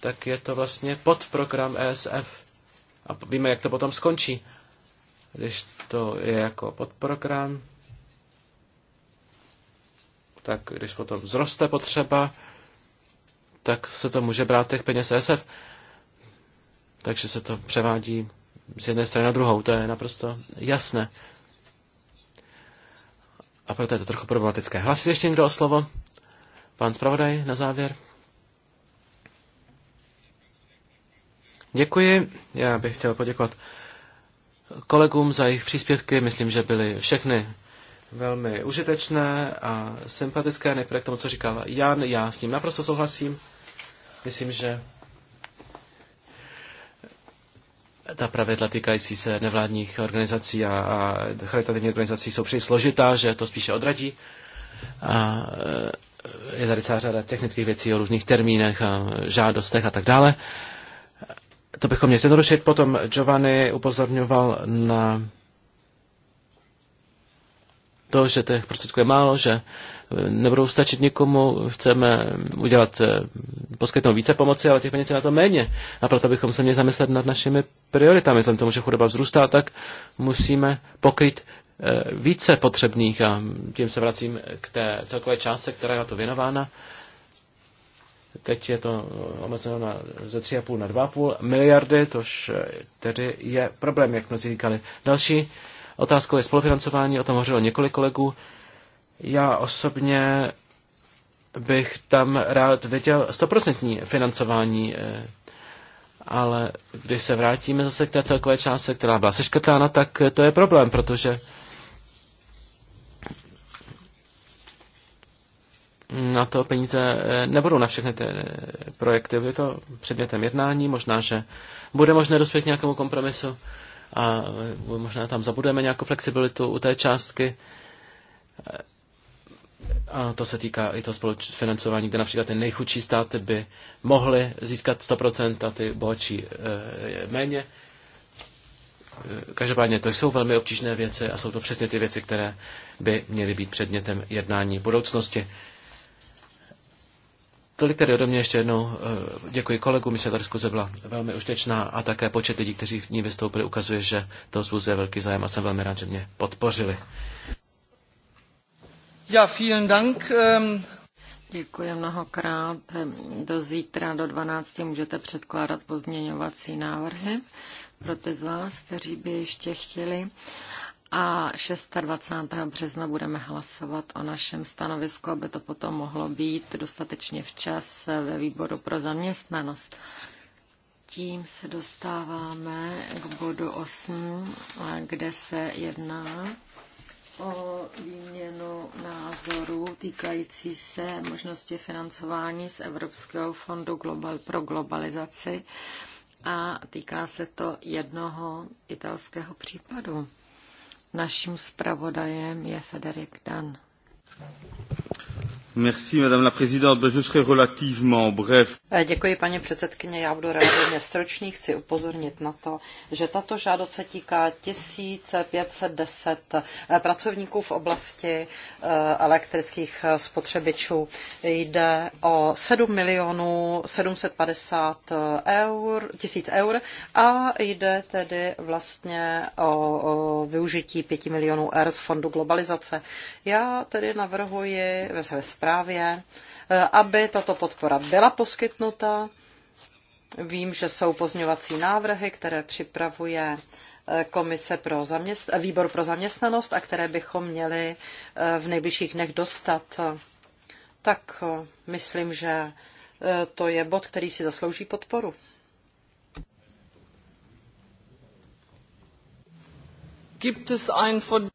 tak je to vlastně pod program ESF. A víme, jak to potom skončí, když to je jako podprogram, tak když potom vzroste potřeba, tak se to může brát těch peněz ESF. Takže se to převádí z jedné strany na druhou. To je naprosto jasné. A proto je to trochu problematické. Hlasí ještě někdo o slovo? Pan zpravodaj na závěr. Děkuji. Já bych chtěl poděkovat kolegům za jejich příspěvky. Myslím, že byly všechny velmi užitečné a sympatické. Nejprve k tomu, co říkal Jan, já s ním naprosto souhlasím. Myslím, že ta pravidla týkající se nevládních organizací a, a charitativních organizací jsou příliš složitá, že to spíše odradí. A e, je tady celá řada technických věcí o různých termínech a žádostech a tak dále. To bychom měli zjednodušit. Potom Giovanni upozorňoval na to, že těch prostředků je málo, že nebudou stačit nikomu, chceme udělat, eh, poskytnout více pomoci, ale těch peněz na to méně. A proto bychom se měli zamyslet nad našimi prioritami. Vzhledem tomu, že chudoba vzrůstá, tak musíme pokryt eh, více potřebných a tím se vracím k té celkové částce, která je na to věnována. Teď je to eh, omezeno na, ze 3,5 na 2,5 miliardy, tož tedy je problém, jak mnozí říkali. Další otázkou je spolufinancování, o tom hovořilo několik kolegů. Já osobně bych tam rád viděl stoprocentní financování, eh, ale když se vrátíme zase k té celkové částce, která byla seškrtána, tak eh, to je problém, protože mm, na to peníze eh, nebudou na všechny ty projekty. Je to předmětem jednání, možná, že bude možné dospět k nějakému kompromisu a možná tam zabudeme nějakou flexibilitu u té částky a to se týká i toho financování. kde například ty nejchudší státy by mohly získat 100% a ty bohatší e, méně. Eh, každopádně to jsou velmi obtížné věci a jsou to přesně ty věci, které by měly být předmětem jednání budoucnosti. Tolik tedy ode mě ještě jednou. Eh, děkuji kolegům, se ta diskuze byla velmi užitečná a také počet lidí, kteří v ní vystoupili, ukazuje, že to zbuzuje velký zájem a jsem velmi rád, že mě podpořili. Ähm, Děkuji mnohokrát. Do zítra do 12. můžete předkládat pozměňovací návrhy pro ty z vás, kteří by ještě chtěli. A 26. března budeme hlasovat o našem stanovisku, aby to potom mohlo být dostatečně včas ve výboru pro zaměstnanost. Tím se dostáváme k bodu 8, kde se jedná o výměnu názorů týkající se možnosti financování z Evropského fondu global, pro globalizaci a týká se to jednoho italského případu. Naším zpravodajem je Federik Dan. Eh, děkuji, paní předsedkyně. Já budu relativně stručný. Chci upozornit na to, že tato žádost se týká 1510 eh, pracovníků v oblasti eh, elektrických spotřebičů. Jde o 7 milionů 750 eur, tisíc eur a jde tedy vlastně o, využití 5 milionů eur z fondu globalizace. Já tedy navrhuji ve své zprávě, eh, aby tato podpora byla poskytnuta. Vím, že jsou pozňovací návrhy, které připravuje eh, komise pro zaměst... výbor pro zaměstnanost a které bychom měli eh, v nejbližších dnech dostat. Tak myslím, že to je bod, který si zaslouží podporu. Gibt es ein von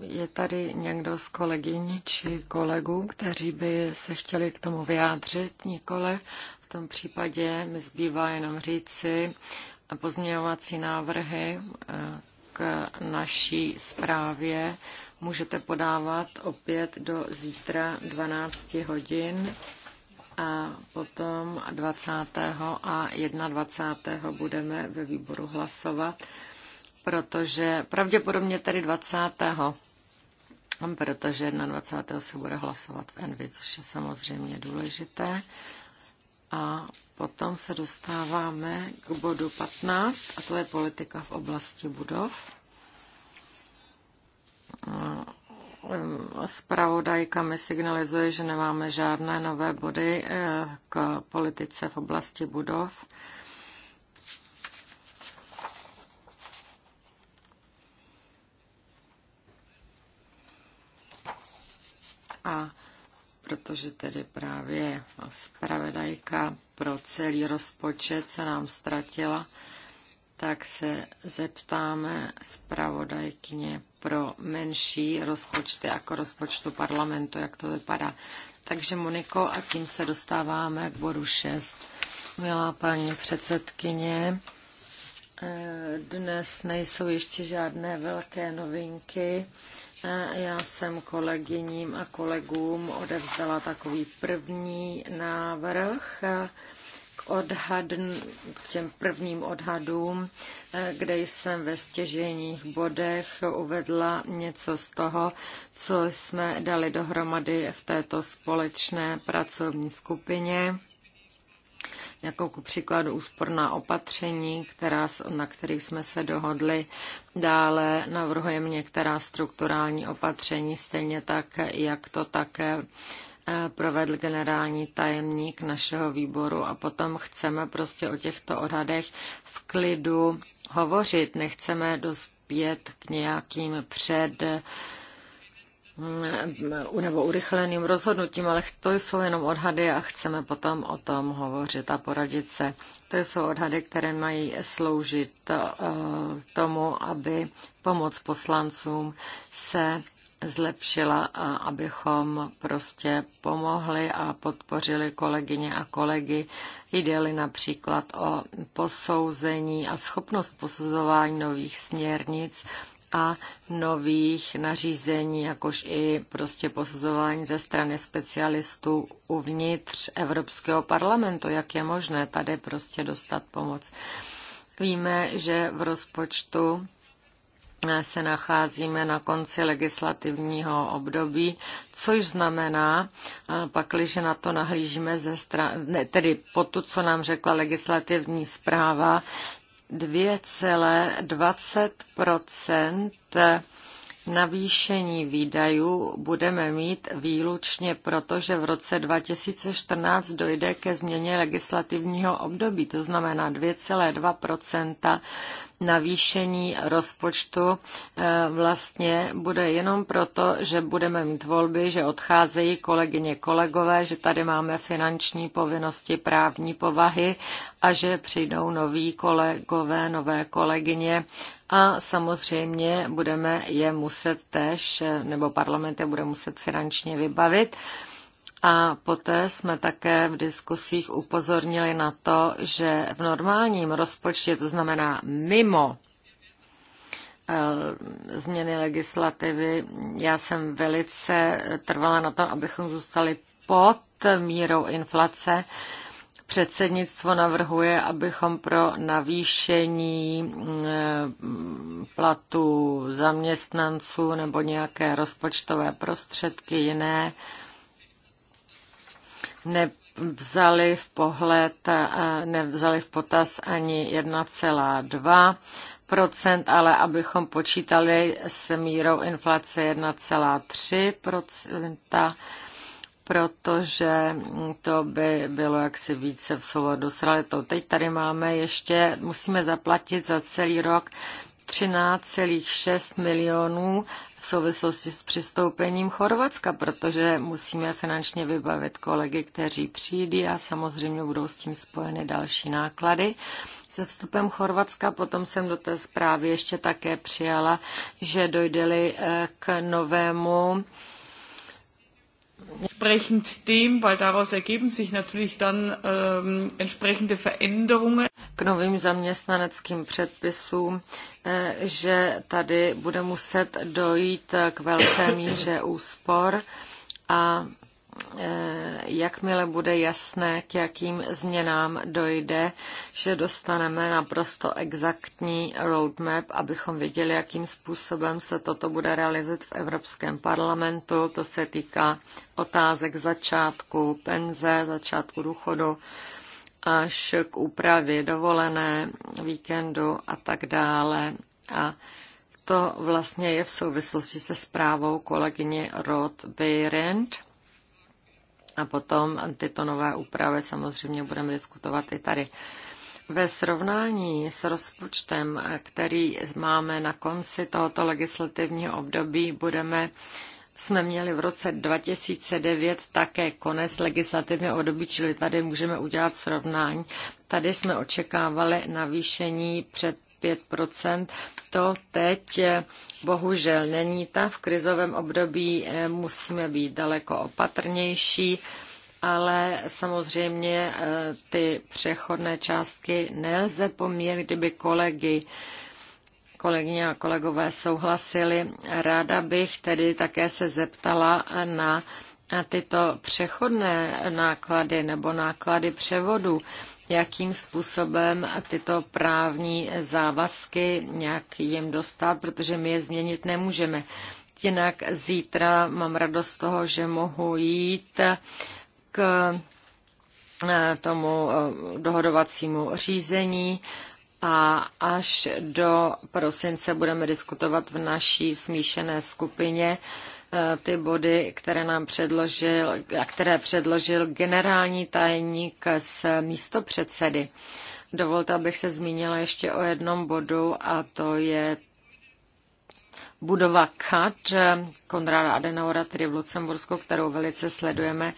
je tady někdo z kolegyň či kolegů, kteří by se chtěli k tomu vyjádřit nikole? V tom případě mi zbývá jenom říci pozměňovací návrhy eh, k naší zprávě. Můžete podávat opět do zítra 12 hodin a potom 20. a 21. budeme ve výboru hlasovat protože pravděpodobně tedy 20. protože 21. se bude hlasovat v Envy, což je samozřejmě důležité. A potom se dostáváme k bodu 15, a to je politika v oblasti budov. Spravodajka mi signalizuje, že nemáme žádné nové body eh, k politice v oblasti budov. A protože tedy právě zpravedajka pro celý rozpočet se nám ztratila, tak se zeptáme zpravodajkyně pro menší rozpočty jako rozpočtu parlamentu, jak to vypadá. Takže Moniko, a tím se dostáváme k bodu 6. Milá paní předsedkyně, eh, dnes nejsou ještě žádné velké novinky. Já jsem kolegyním a kolegům odevzdala takový první návrh k, odhadn, k těm prvním odhadům, kde jsem ve stěžejních bodech uvedla něco z toho, co jsme dali dohromady v této společné pracovní skupině jako ku příkladu úsporná opatření, která, na kterých jsme se dohodli. Dále navrhujeme některá strukturální opatření, stejně tak, jak to také eh, provedl generální tajemník našeho výboru a potom chceme prostě o těchto odhadech v klidu hovořit. Nechceme dospět k nějakým před nebo urychleným rozhodnutím, ale to jsou jenom odhady a chceme potom o tom hovořit a poradit se. To jsou odhady, které mají sloužit eh, tomu, aby pomoc poslancům se zlepšila a abychom prostě pomohli a podpořili kolegyně a kolegy. Jde-li například o posouzení a schopnost posuzování nových směrnic a nových nařízení, jakož i prostě posuzování ze strany specialistů uvnitř Evropského parlamentu, jak je možné tady prostě dostat pomoc. Víme, že v rozpočtu se nacházíme na konci legislativního období, což znamená, pakliže na to nahlížíme ze strany, tedy po to, co nám řekla legislativní zpráva, 2,20 navýšení výdajů budeme mít výlučně proto, že v roce 2014 dojde ke změně legislativního období, to znamená 2,2 navýšení rozpočtu eh, vlastně bude jenom proto, že budeme mít volby, že odcházejí kolegyně kolegové, že tady máme finanční povinnosti právní povahy a že přijdou noví kolegové, nové kolegyně a samozřejmě budeme je muset tež, nebo parlament je bude muset finančně vybavit. A poté jsme také v diskusích upozornili na to, že v normálním rozpočtu, to znamená mimo eh, změny legislativy, já jsem velice trvala na tom, abychom zůstali pod mírou inflace. Předsednictvo navrhuje, abychom pro navýšení eh, platu zaměstnanců nebo nějaké rozpočtové prostředky jiné, nevzali v pohled, eh, nevzali v potaz ani 1,2 procent, ale abychom počítali s mírou inflace 1,3 protože to by bylo jaksi více v souladu s realitou. Teď tady máme ještě, musíme zaplatit za celý rok 13,6 milionů v souvislosti s přistoupením Chorvatska, protože musíme finančně vybavit kolegy, kteří přijdí a samozřejmě budou s tím spojeny další náklady. Se vstupem Chorvatska potom jsem do té zprávy ještě také přijala, že dojde eh, k novému entsprechend dem, weil daraus ergeben sich natürlich dann ähm, entsprechende Veränderungen. K novým zaměstnaneckým předpisům, eh, že tady bude muset dojít eh, k velké míře úspor a Eh, jakmile bude jasné, k jakým změnám dojde, že dostaneme naprosto exaktní roadmap, abychom viděli, jakým způsobem se toto bude realizovat v Evropském parlamentu. To se týká otázek začátku penze, začátku důchodu až k úpravě dovolené, víkendu a tak dále. A to vlastně je v souvislosti se zprávou kolegyně Roth Beirendt. A potom tyto nové úpravy samozřejmě budeme diskutovat i tady. Ve srovnání s rozpočtem, který máme na konci tohoto legislativního období, budeme jsme měli v roce 2009 také konec legislativního období, čili tady můžeme udělat srovnání. Tady jsme očekávali navýšení před 5%. To teď bohužel není ta. V krizovém období eh, musíme být daleko opatrnější, ale samozřejmě eh, ty přechodné částky nelze pomíjet. kdyby kolegy kolegyně a kolegové souhlasili. Ráda bych tedy také se zeptala na tyto přechodné náklady nebo náklady převodu jakým způsobem tyto právní závazky nějak jim dostat, protože my je změnit nemůžeme. Jinak zítra mám radost toho, že mohu jít k eh, tomu eh, dohodovacímu řízení a až do prosince budeme diskutovat v naší smíšené skupině Eh, ty body, které nám předložil, a které předložil generální tajemník s místopředsedy. Dovolte, abych se zmínila ještě o jednom bodu a to je budova KAT eh, Konráda Adenaura, tedy v Lucembursku, kterou velice sledujeme.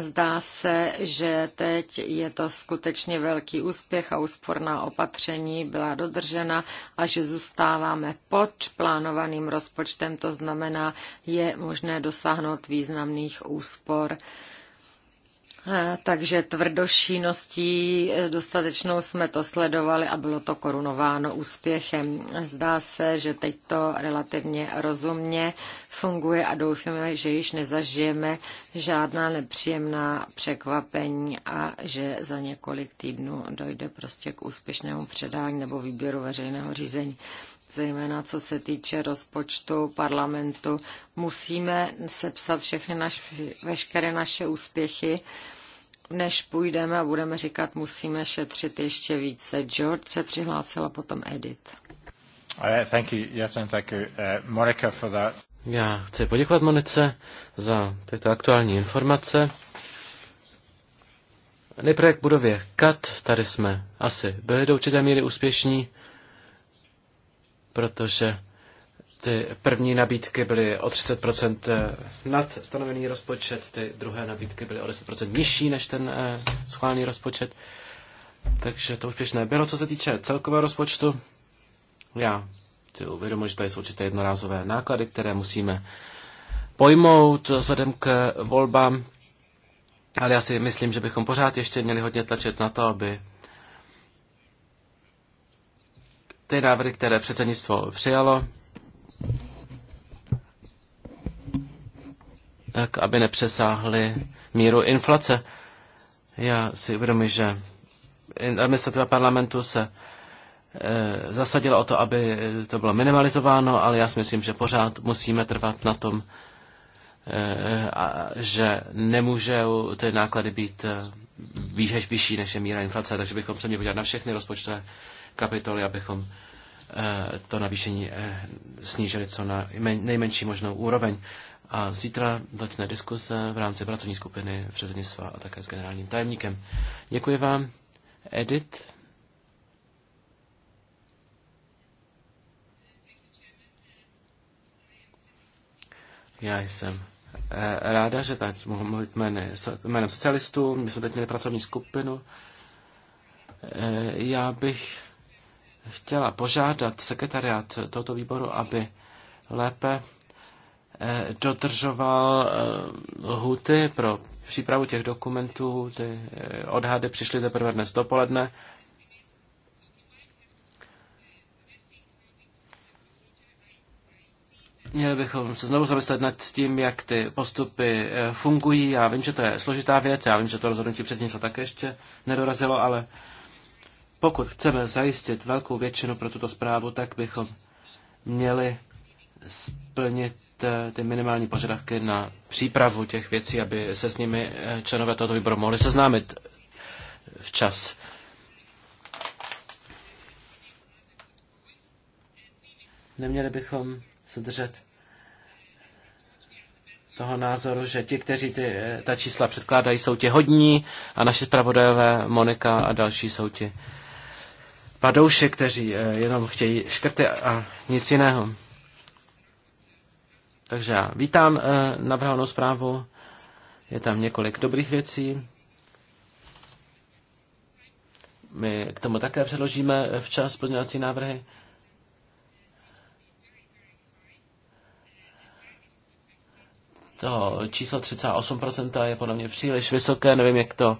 Zdá se, že teď je to skutečně velký úspěch a úsporná opatření byla dodržena a že zůstáváme pod plánovaným rozpočtem, to znamená, je možné dosáhnout významných úspor takže tvrdošíností e, dostatečnou jsme to sledovali a bylo to korunováno úspěchem. Zdá se, že teď to relativně rozumně funguje a doufáme, že již nezažijeme žádná nepříjemná překvapení a že za několik týdnů dojde prostě k úspěšnému předání nebo výběru veřejného řízení zejména co se týče rozpočtu parlamentu. Musíme sepsat všechny naš, veškeré naše úspěchy, než půjdeme a budeme říkat, musíme šetřit ještě více. George se přihlásila potom Edit. Uh, thank you, yes, and thank you, uh, Monika, for that. Já chci poděkovat Monice za tyto aktuální informace. Nejprve k budově KAT, tady jsme asi byli do určité míry úspěšní protože ty první nabídky byly o 30% eh, nad stanovený rozpočet, ty druhé nabídky byly o 10% nižší než ten eh, schválený rozpočet. Takže to úspěšné bylo. Co se týče celkového rozpočtu, já si uvědomuji, že to jsou určité jednorázové náklady, které musíme pojmout vzhledem k volbám, ale já si myslím, že bychom pořád ještě měli hodně tlačit na to, aby ty návrhy, které předsednictvo přijalo, tak aby nepřesáhly míru inflace. Já si uvědomuji, že administrativa parlamentu se e, zasadila o to, aby to bylo minimalizováno, ale já si myslím, že pořád musíme trvat na tom, e, a, že nemůže ty náklady být eh, výš, vyšší než je míra inflace, takže bychom se měli podívat na všechny rozpočtové kapitoly, abychom eh, to navýšení eh, snížili co na nejmenší možnou úroveň. A zítra začne diskuse v rámci pracovní skupiny předsednictva a také s generálním tajemníkem. Děkuji vám. Edit. Já jsem eh, ráda, že teď mohu mluvit jménem socialistů. My jsme teď měli pracovní skupinu. Já bych chtěla požádat sekretariát tohoto výboru, aby lépe eh, dodržoval eh, lhuty pro přípravu těch dokumentů. Ty eh, odhady přišly teprve dnes dopoledne. Měli bychom se znovu zamyslet nad tím, jak ty postupy fungují. Já vím, že to je složitá věc, já vím, že to rozhodnutí se také ještě nedorazilo, ale pokud chceme zajistit velkou většinu pro tuto zprávu, tak bychom měli splnit eh, ty minimální požadavky na přípravu těch věcí, aby se s nimi eh, členové tohoto výboru mohli seznámit včas. Neměli bychom se držet toho názoru, že ti, kteří ty, eh, ta čísla předkládají, jsou ti hodní a naši zpravodajové Monika a další jsou ti padouši, kteří eh, jenom chtějí škrty a nic jiného. Takže já vítám eh, navrhovanou zprávu. Je tam několik dobrých věcí. My k tomu také předložíme eh, včas pozměňovací návrhy. To číslo 38% je podle mě příliš vysoké, nevím, jak to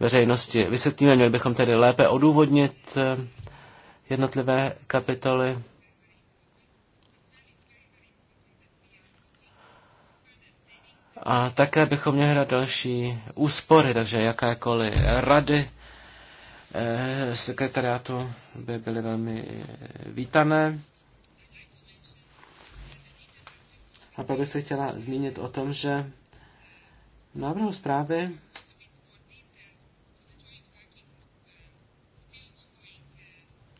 veřejnosti vysvětlíme. Měli bychom tedy lépe odůvodnit eh, jednotlivé kapitoly. A také bychom měli hrát další úspory, takže jakékoliv rady eh, sekretariátu by byly velmi eh, vítané. A pak bych se chtěla zmínit o tom, že v návrhu zprávy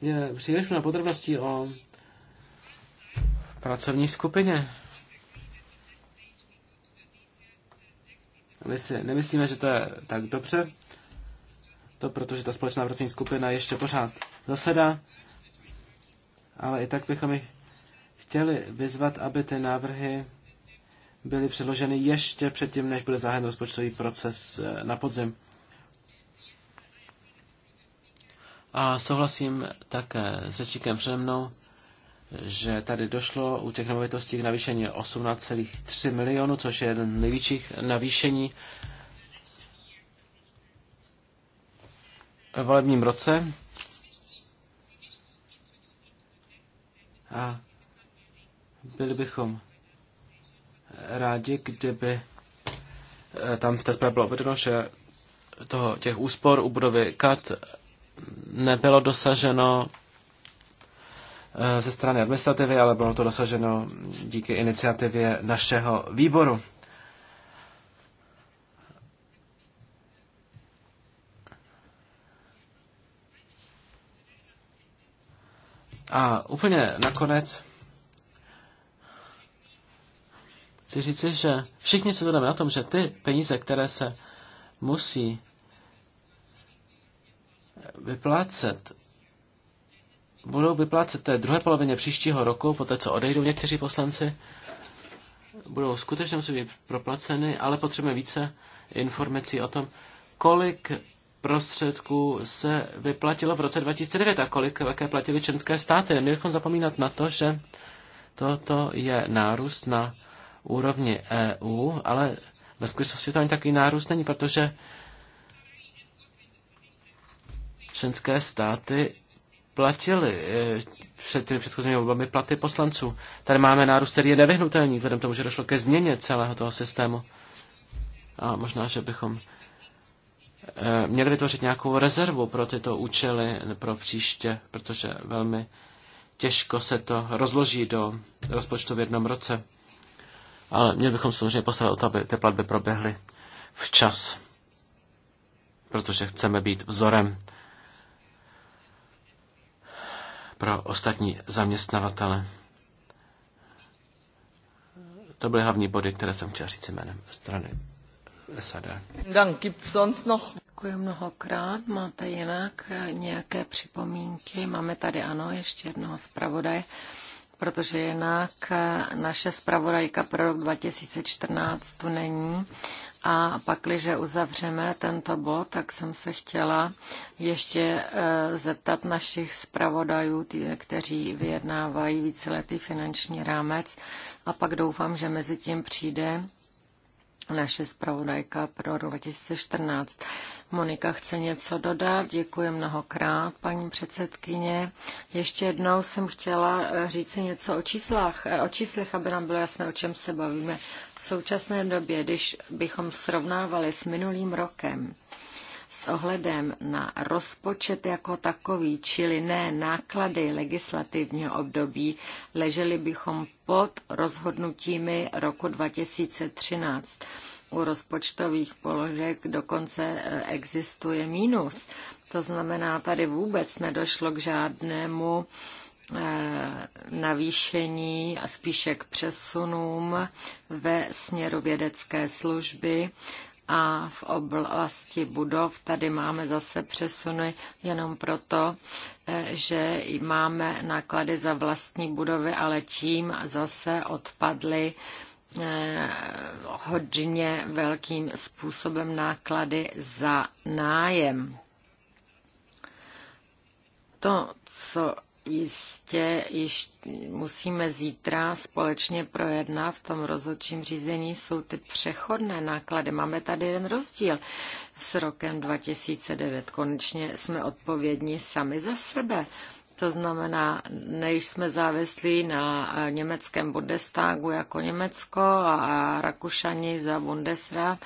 je příliš mnoho podrobností o pracovní skupině. My si nemyslíme, že to je tak dobře, to protože ta společná pracovní skupina ještě pořád zasedá, ale i tak bychom jich chtěli vyzvat, aby ty návrhy byly předloženy ještě předtím, než bude zahájen rozpočtový proces eh, na podzim. A souhlasím také s řečníkem přede mnou, že tady došlo u těch nemovitostí k navýšení 18,3 milionů, což je jeden z největších navýšení v volebním roce. A byli bychom rádi, kdyby eh, tam v té zprávě bylo uvedeno, že toho, těch úspor u budovy KAT nebylo dosaženo eh, ze strany administrativy, ale bylo to dosaženo díky iniciativě našeho výboru. A úplně nakonec chci říci, že všichni se dodáme na tom, že ty peníze, které se musí vyplácet budou vyplácet té druhé polovině příštího roku, Po té, co odejdou někteří poslanci, budou skutečně muset být proplaceny, ale potřebujeme více informací o tom, kolik prostředků se vyplatilo v roce 2009 a kolik jaké platili členské státy. Neměli bychom zapomínat na to, že toto je nárůst na úrovni EU, ale ve skutečnosti to ani takový nárůst není, protože členské státy platily eh, před těmi předchozími volbami platy poslanců. Tady máme nárůst, který je nevyhnutelný, vzhledem tomu, že došlo ke změně celého toho systému. A možná, že bychom eh, měli vytvořit nějakou rezervu pro tyto účely pro příště, protože velmi těžko se to rozloží do rozpočtu v jednom roce. Ale měli bychom samozřejmě postarat o to, aby ty platby proběhly včas, protože chceme být vzorem pro ostatní zaměstnavatele. To byly hlavní body, které jsem chtěl říct jménem strany SAD. Děkuji mnohokrát. Máte jinak nějaké připomínky? Máme tady ano, ještě jednoho zpravodaje protože jinak eh, naše zpravodajka pro rok 2014 tu není. A pakliže uzavřeme tento bod, tak jsem se chtěla ještě eh, zeptat našich zpravodajů, kteří vyjednávají víceletý finanční rámec. A pak doufám, že mezi tím přijde naše zpravodajka pro 2014. Monika chce něco dodat, děkuji mnohokrát, paní předsedkyně. Ještě jednou jsem chtěla eh, říct si něco o číslech, eh, o číslech, aby nám bylo jasné, o čem se bavíme. V současné době, když bychom srovnávali s minulým rokem, s ohledem na rozpočet jako takový, čili ne náklady legislativního období, leželi bychom pod rozhodnutími roku 2013. U rozpočtových položek dokonce e, existuje mínus. To znamená, tady vůbec nedošlo k žádnému e, navýšení a spíše k přesunům ve směru vědecké služby a v oblasti budov tady máme zase přesuny jenom proto, eh, že máme náklady za vlastní budovy, ale tím zase odpadly eh, hodně velkým způsobem náklady za nájem. To, co jistě již musíme zítra společně projednat v tom rozhodčím řízení, jsou ty přechodné náklady. Máme tady jeden rozdíl s rokem 2009. Konečně jsme odpovědní sami za sebe. To znamená, než jsme závislí na německém Bundestagu jako Německo a Rakušani za Bundesrat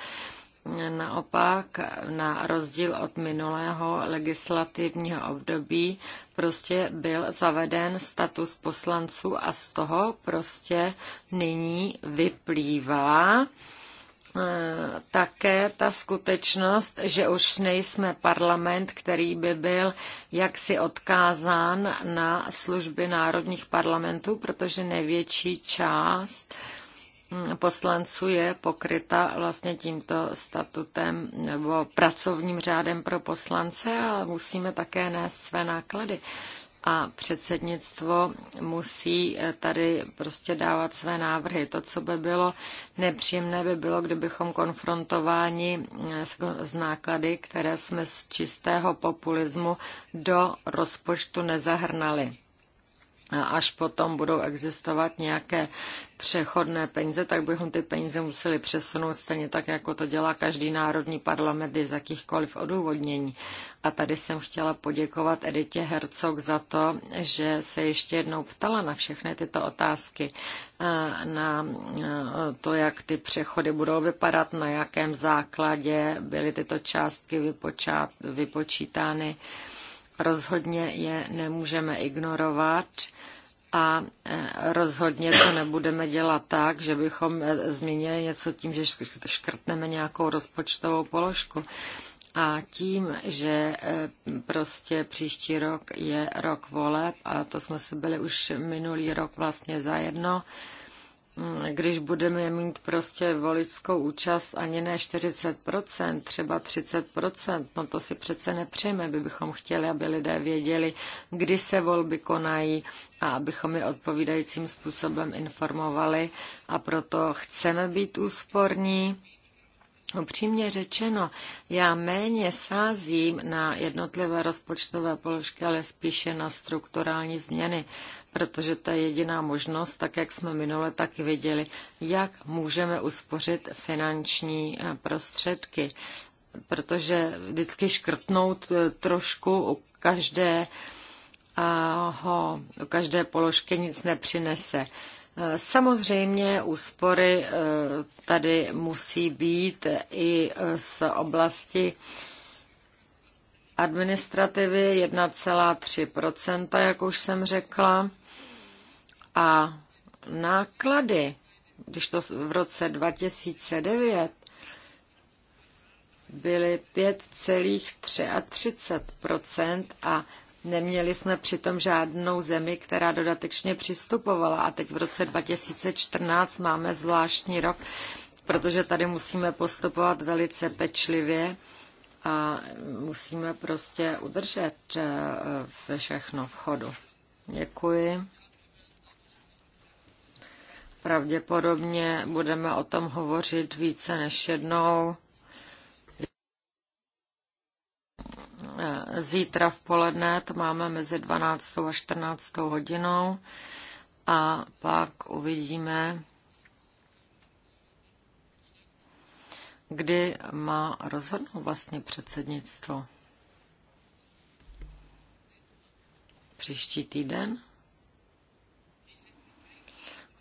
Naopak, na rozdíl od minulého legislativního období, prostě byl zaveden status poslanců a z toho prostě nyní vyplývá eh, také ta skutečnost, že už nejsme parlament, který by byl jaksi odkázán na služby národních parlamentů, protože největší část poslanců je pokryta vlastně tímto statutem nebo pracovním řádem pro poslance, ale musíme také nést své náklady. A předsednictvo musí eh, tady prostě dávat své návrhy. To, co by bylo nepříjemné, by bylo, kdybychom konfrontováni eh, s náklady, které jsme z čistého populismu do rozpočtu nezahrnali až potom budou existovat nějaké přechodné peníze, tak bychom ty peníze museli přesunout stejně tak, jako to dělá každý národní parlament z jakýchkoliv odůvodnění. A tady jsem chtěla poděkovat Editě Hercog za to, že se ještě jednou ptala na všechny tyto otázky, eh, na eh, to, jak ty přechody budou vypadat, na jakém základě byly tyto částky vypočát, vypočítány. Rozhodně je nemůžeme ignorovat a e, rozhodně to nebudeme dělat tak, že bychom e, změnili něco tím, že škrtneme nějakou rozpočtovou položku. A tím, že e, prostě příští rok je rok voleb, a to jsme se byli už minulý rok vlastně zajedno, jedno, když budeme mít prostě voličskou účast ani ne 40%, třeba 30%, no to si přece nepřejme, by bychom chtěli, aby lidé věděli, kdy se volby konají a abychom je odpovídajícím způsobem informovali a proto chceme být úsporní. Upřímně řečeno, já méně sázím na jednotlivé rozpočtové položky, ale spíše na strukturální změny protože to je jediná možnost, tak jak jsme minule taky viděli, jak můžeme uspořit finanční eh, prostředky. Protože vždycky škrtnout eh, trošku u každé, ho, u každé položky nic nepřinese. Eh, samozřejmě úspory tady musí být i z oblasti administrativy 1,3 jak už jsem řekla. A náklady, když to v roce 2009 byly 5,33 a neměli jsme přitom žádnou zemi, která dodatečně přistupovala. A teď v roce 2014 máme zvláštní rok, protože tady musíme postupovat velice pečlivě a musíme prostě udržet eh, všechno v chodu. Děkuji. Pravděpodobně budeme o tom hovořit více než jednou. Zítra v poledne to máme mezi 12. a 14. hodinou a pak uvidíme, kdy má rozhodnout vlastně předsednictvo. Příští týden?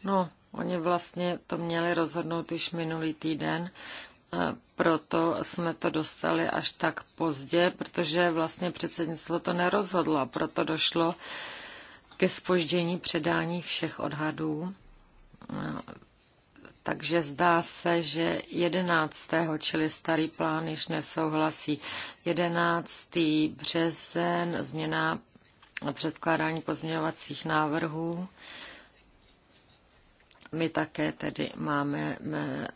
No, Oni vlastně to měli rozhodnout již minulý týden, e, proto jsme to dostali až tak pozdě, protože vlastně předsednictvo to nerozhodlo a proto došlo ke spoždění předání všech odhadů. E, takže zdá se, že 11. čili starý plán již nesouhlasí. 11. březen změna předkládání pozměňovacích návrhů. My také tedy máme eh,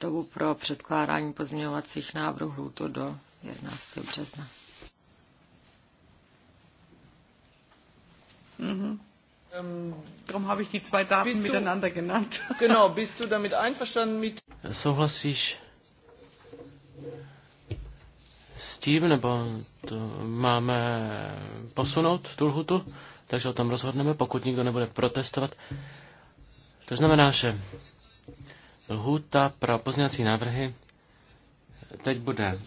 dobu pro předkládání pozměňovacích návrhů to do 11. března. Mhm. Ähm, darum habe ich die zwei Daten miteinander genannt. Genau, bist du damit einverstanden mit... Souhlasíš s tím, nebo to máme posunout tu lhutu, takže o tom rozhodneme, pokud nikdo nebude protestovat. To znamená, že lhůta pro pozměňovací návrhy teď bude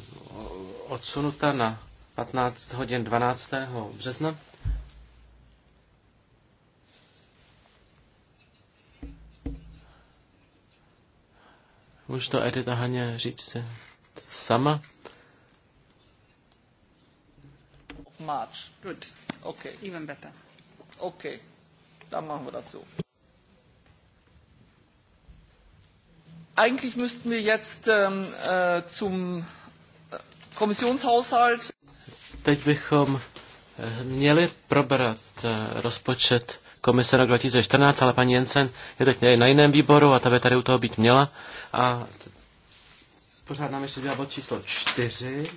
odsunuta na 15 hodin 12. března. Může to Edita Haně říct sama? March. good, Okay. Even better. Okay. Dann machen wir das so. Eigentlich müssten wir jetzt ähm, äh, zum äh, Kommissionshaushalt. Teď bychom äh, měli probrat äh, rozpočet komise rok 2014, ale paní Jensen je teď na jiném výboru a ta by tady u toho být měla. A pořád nám ještě zbývá bod číslo čtyři.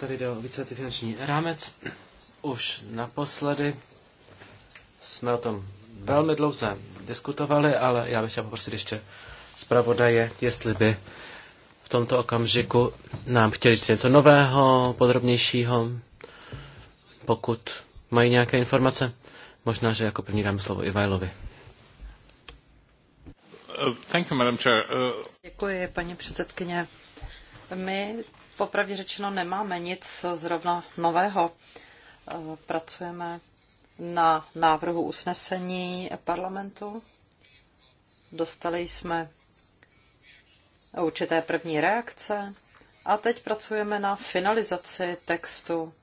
Tady jde o víceletý finanční rámec. Už naposledy jsme o tom velmi dlouze diskutovali, ale já bych chtěl poprosit ještě zpravodaje, jestli by v tomto okamžiku nám chtěli říct něco nového, podrobnějšího, pokud mají nějaké informace. Možná, že jako první dáme slovo Ivajlovi. Uh, uh, Děkuji, paní předsedkyně. My popravdě řečeno nemáme nic zrovna nového. Uh, pracujeme na návrhu usnesení parlamentu. Dostali jsme určité první reakce a teď pracujeme na finalizaci textu.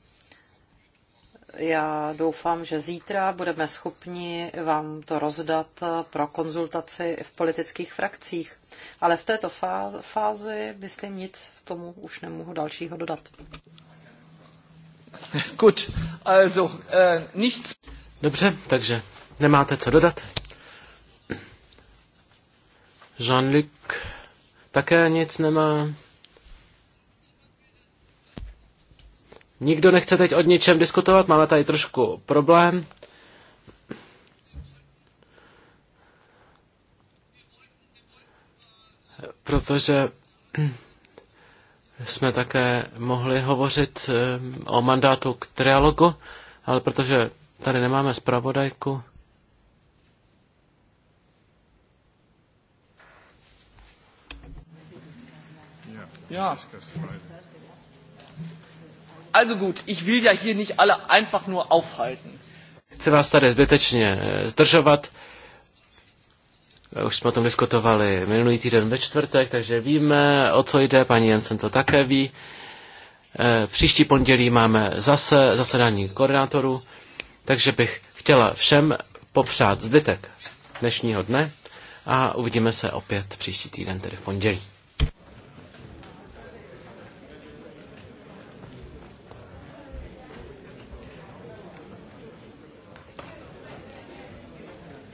Já doufám, že zítra budeme schopni vám to rozdat pro konzultaci v politických frakcích. Ale v této fázi, myslím, nic k tomu už nemohu dalšího dodat. Gut, also, äh, nichts. Dobře, takže nemáte co dodat. Jean-Luc také nic nemá. Nikdo nechce teď o ničem diskutovat, máme tady trošku problém. Protože jsme také mohli hovořit eh, o mandátu k trialogu, ale protože tady nemáme zpravodajku, Ja. Also gut, ich will ja hier nicht alle einfach nur aufhalten. Chci vás tady zbytečně eh, zdržovat. Eh, už jsme o tom diskutovali minulý týden ve čtvrtek, takže víme, o co jde, paní Jensen to také ví. Eh, příští pondělí máme zase zasedání koordinátorů, takže bych chtěla všem popřát zbytek dnešního dne a uvidíme se opět příští týden, tedy v pondělí.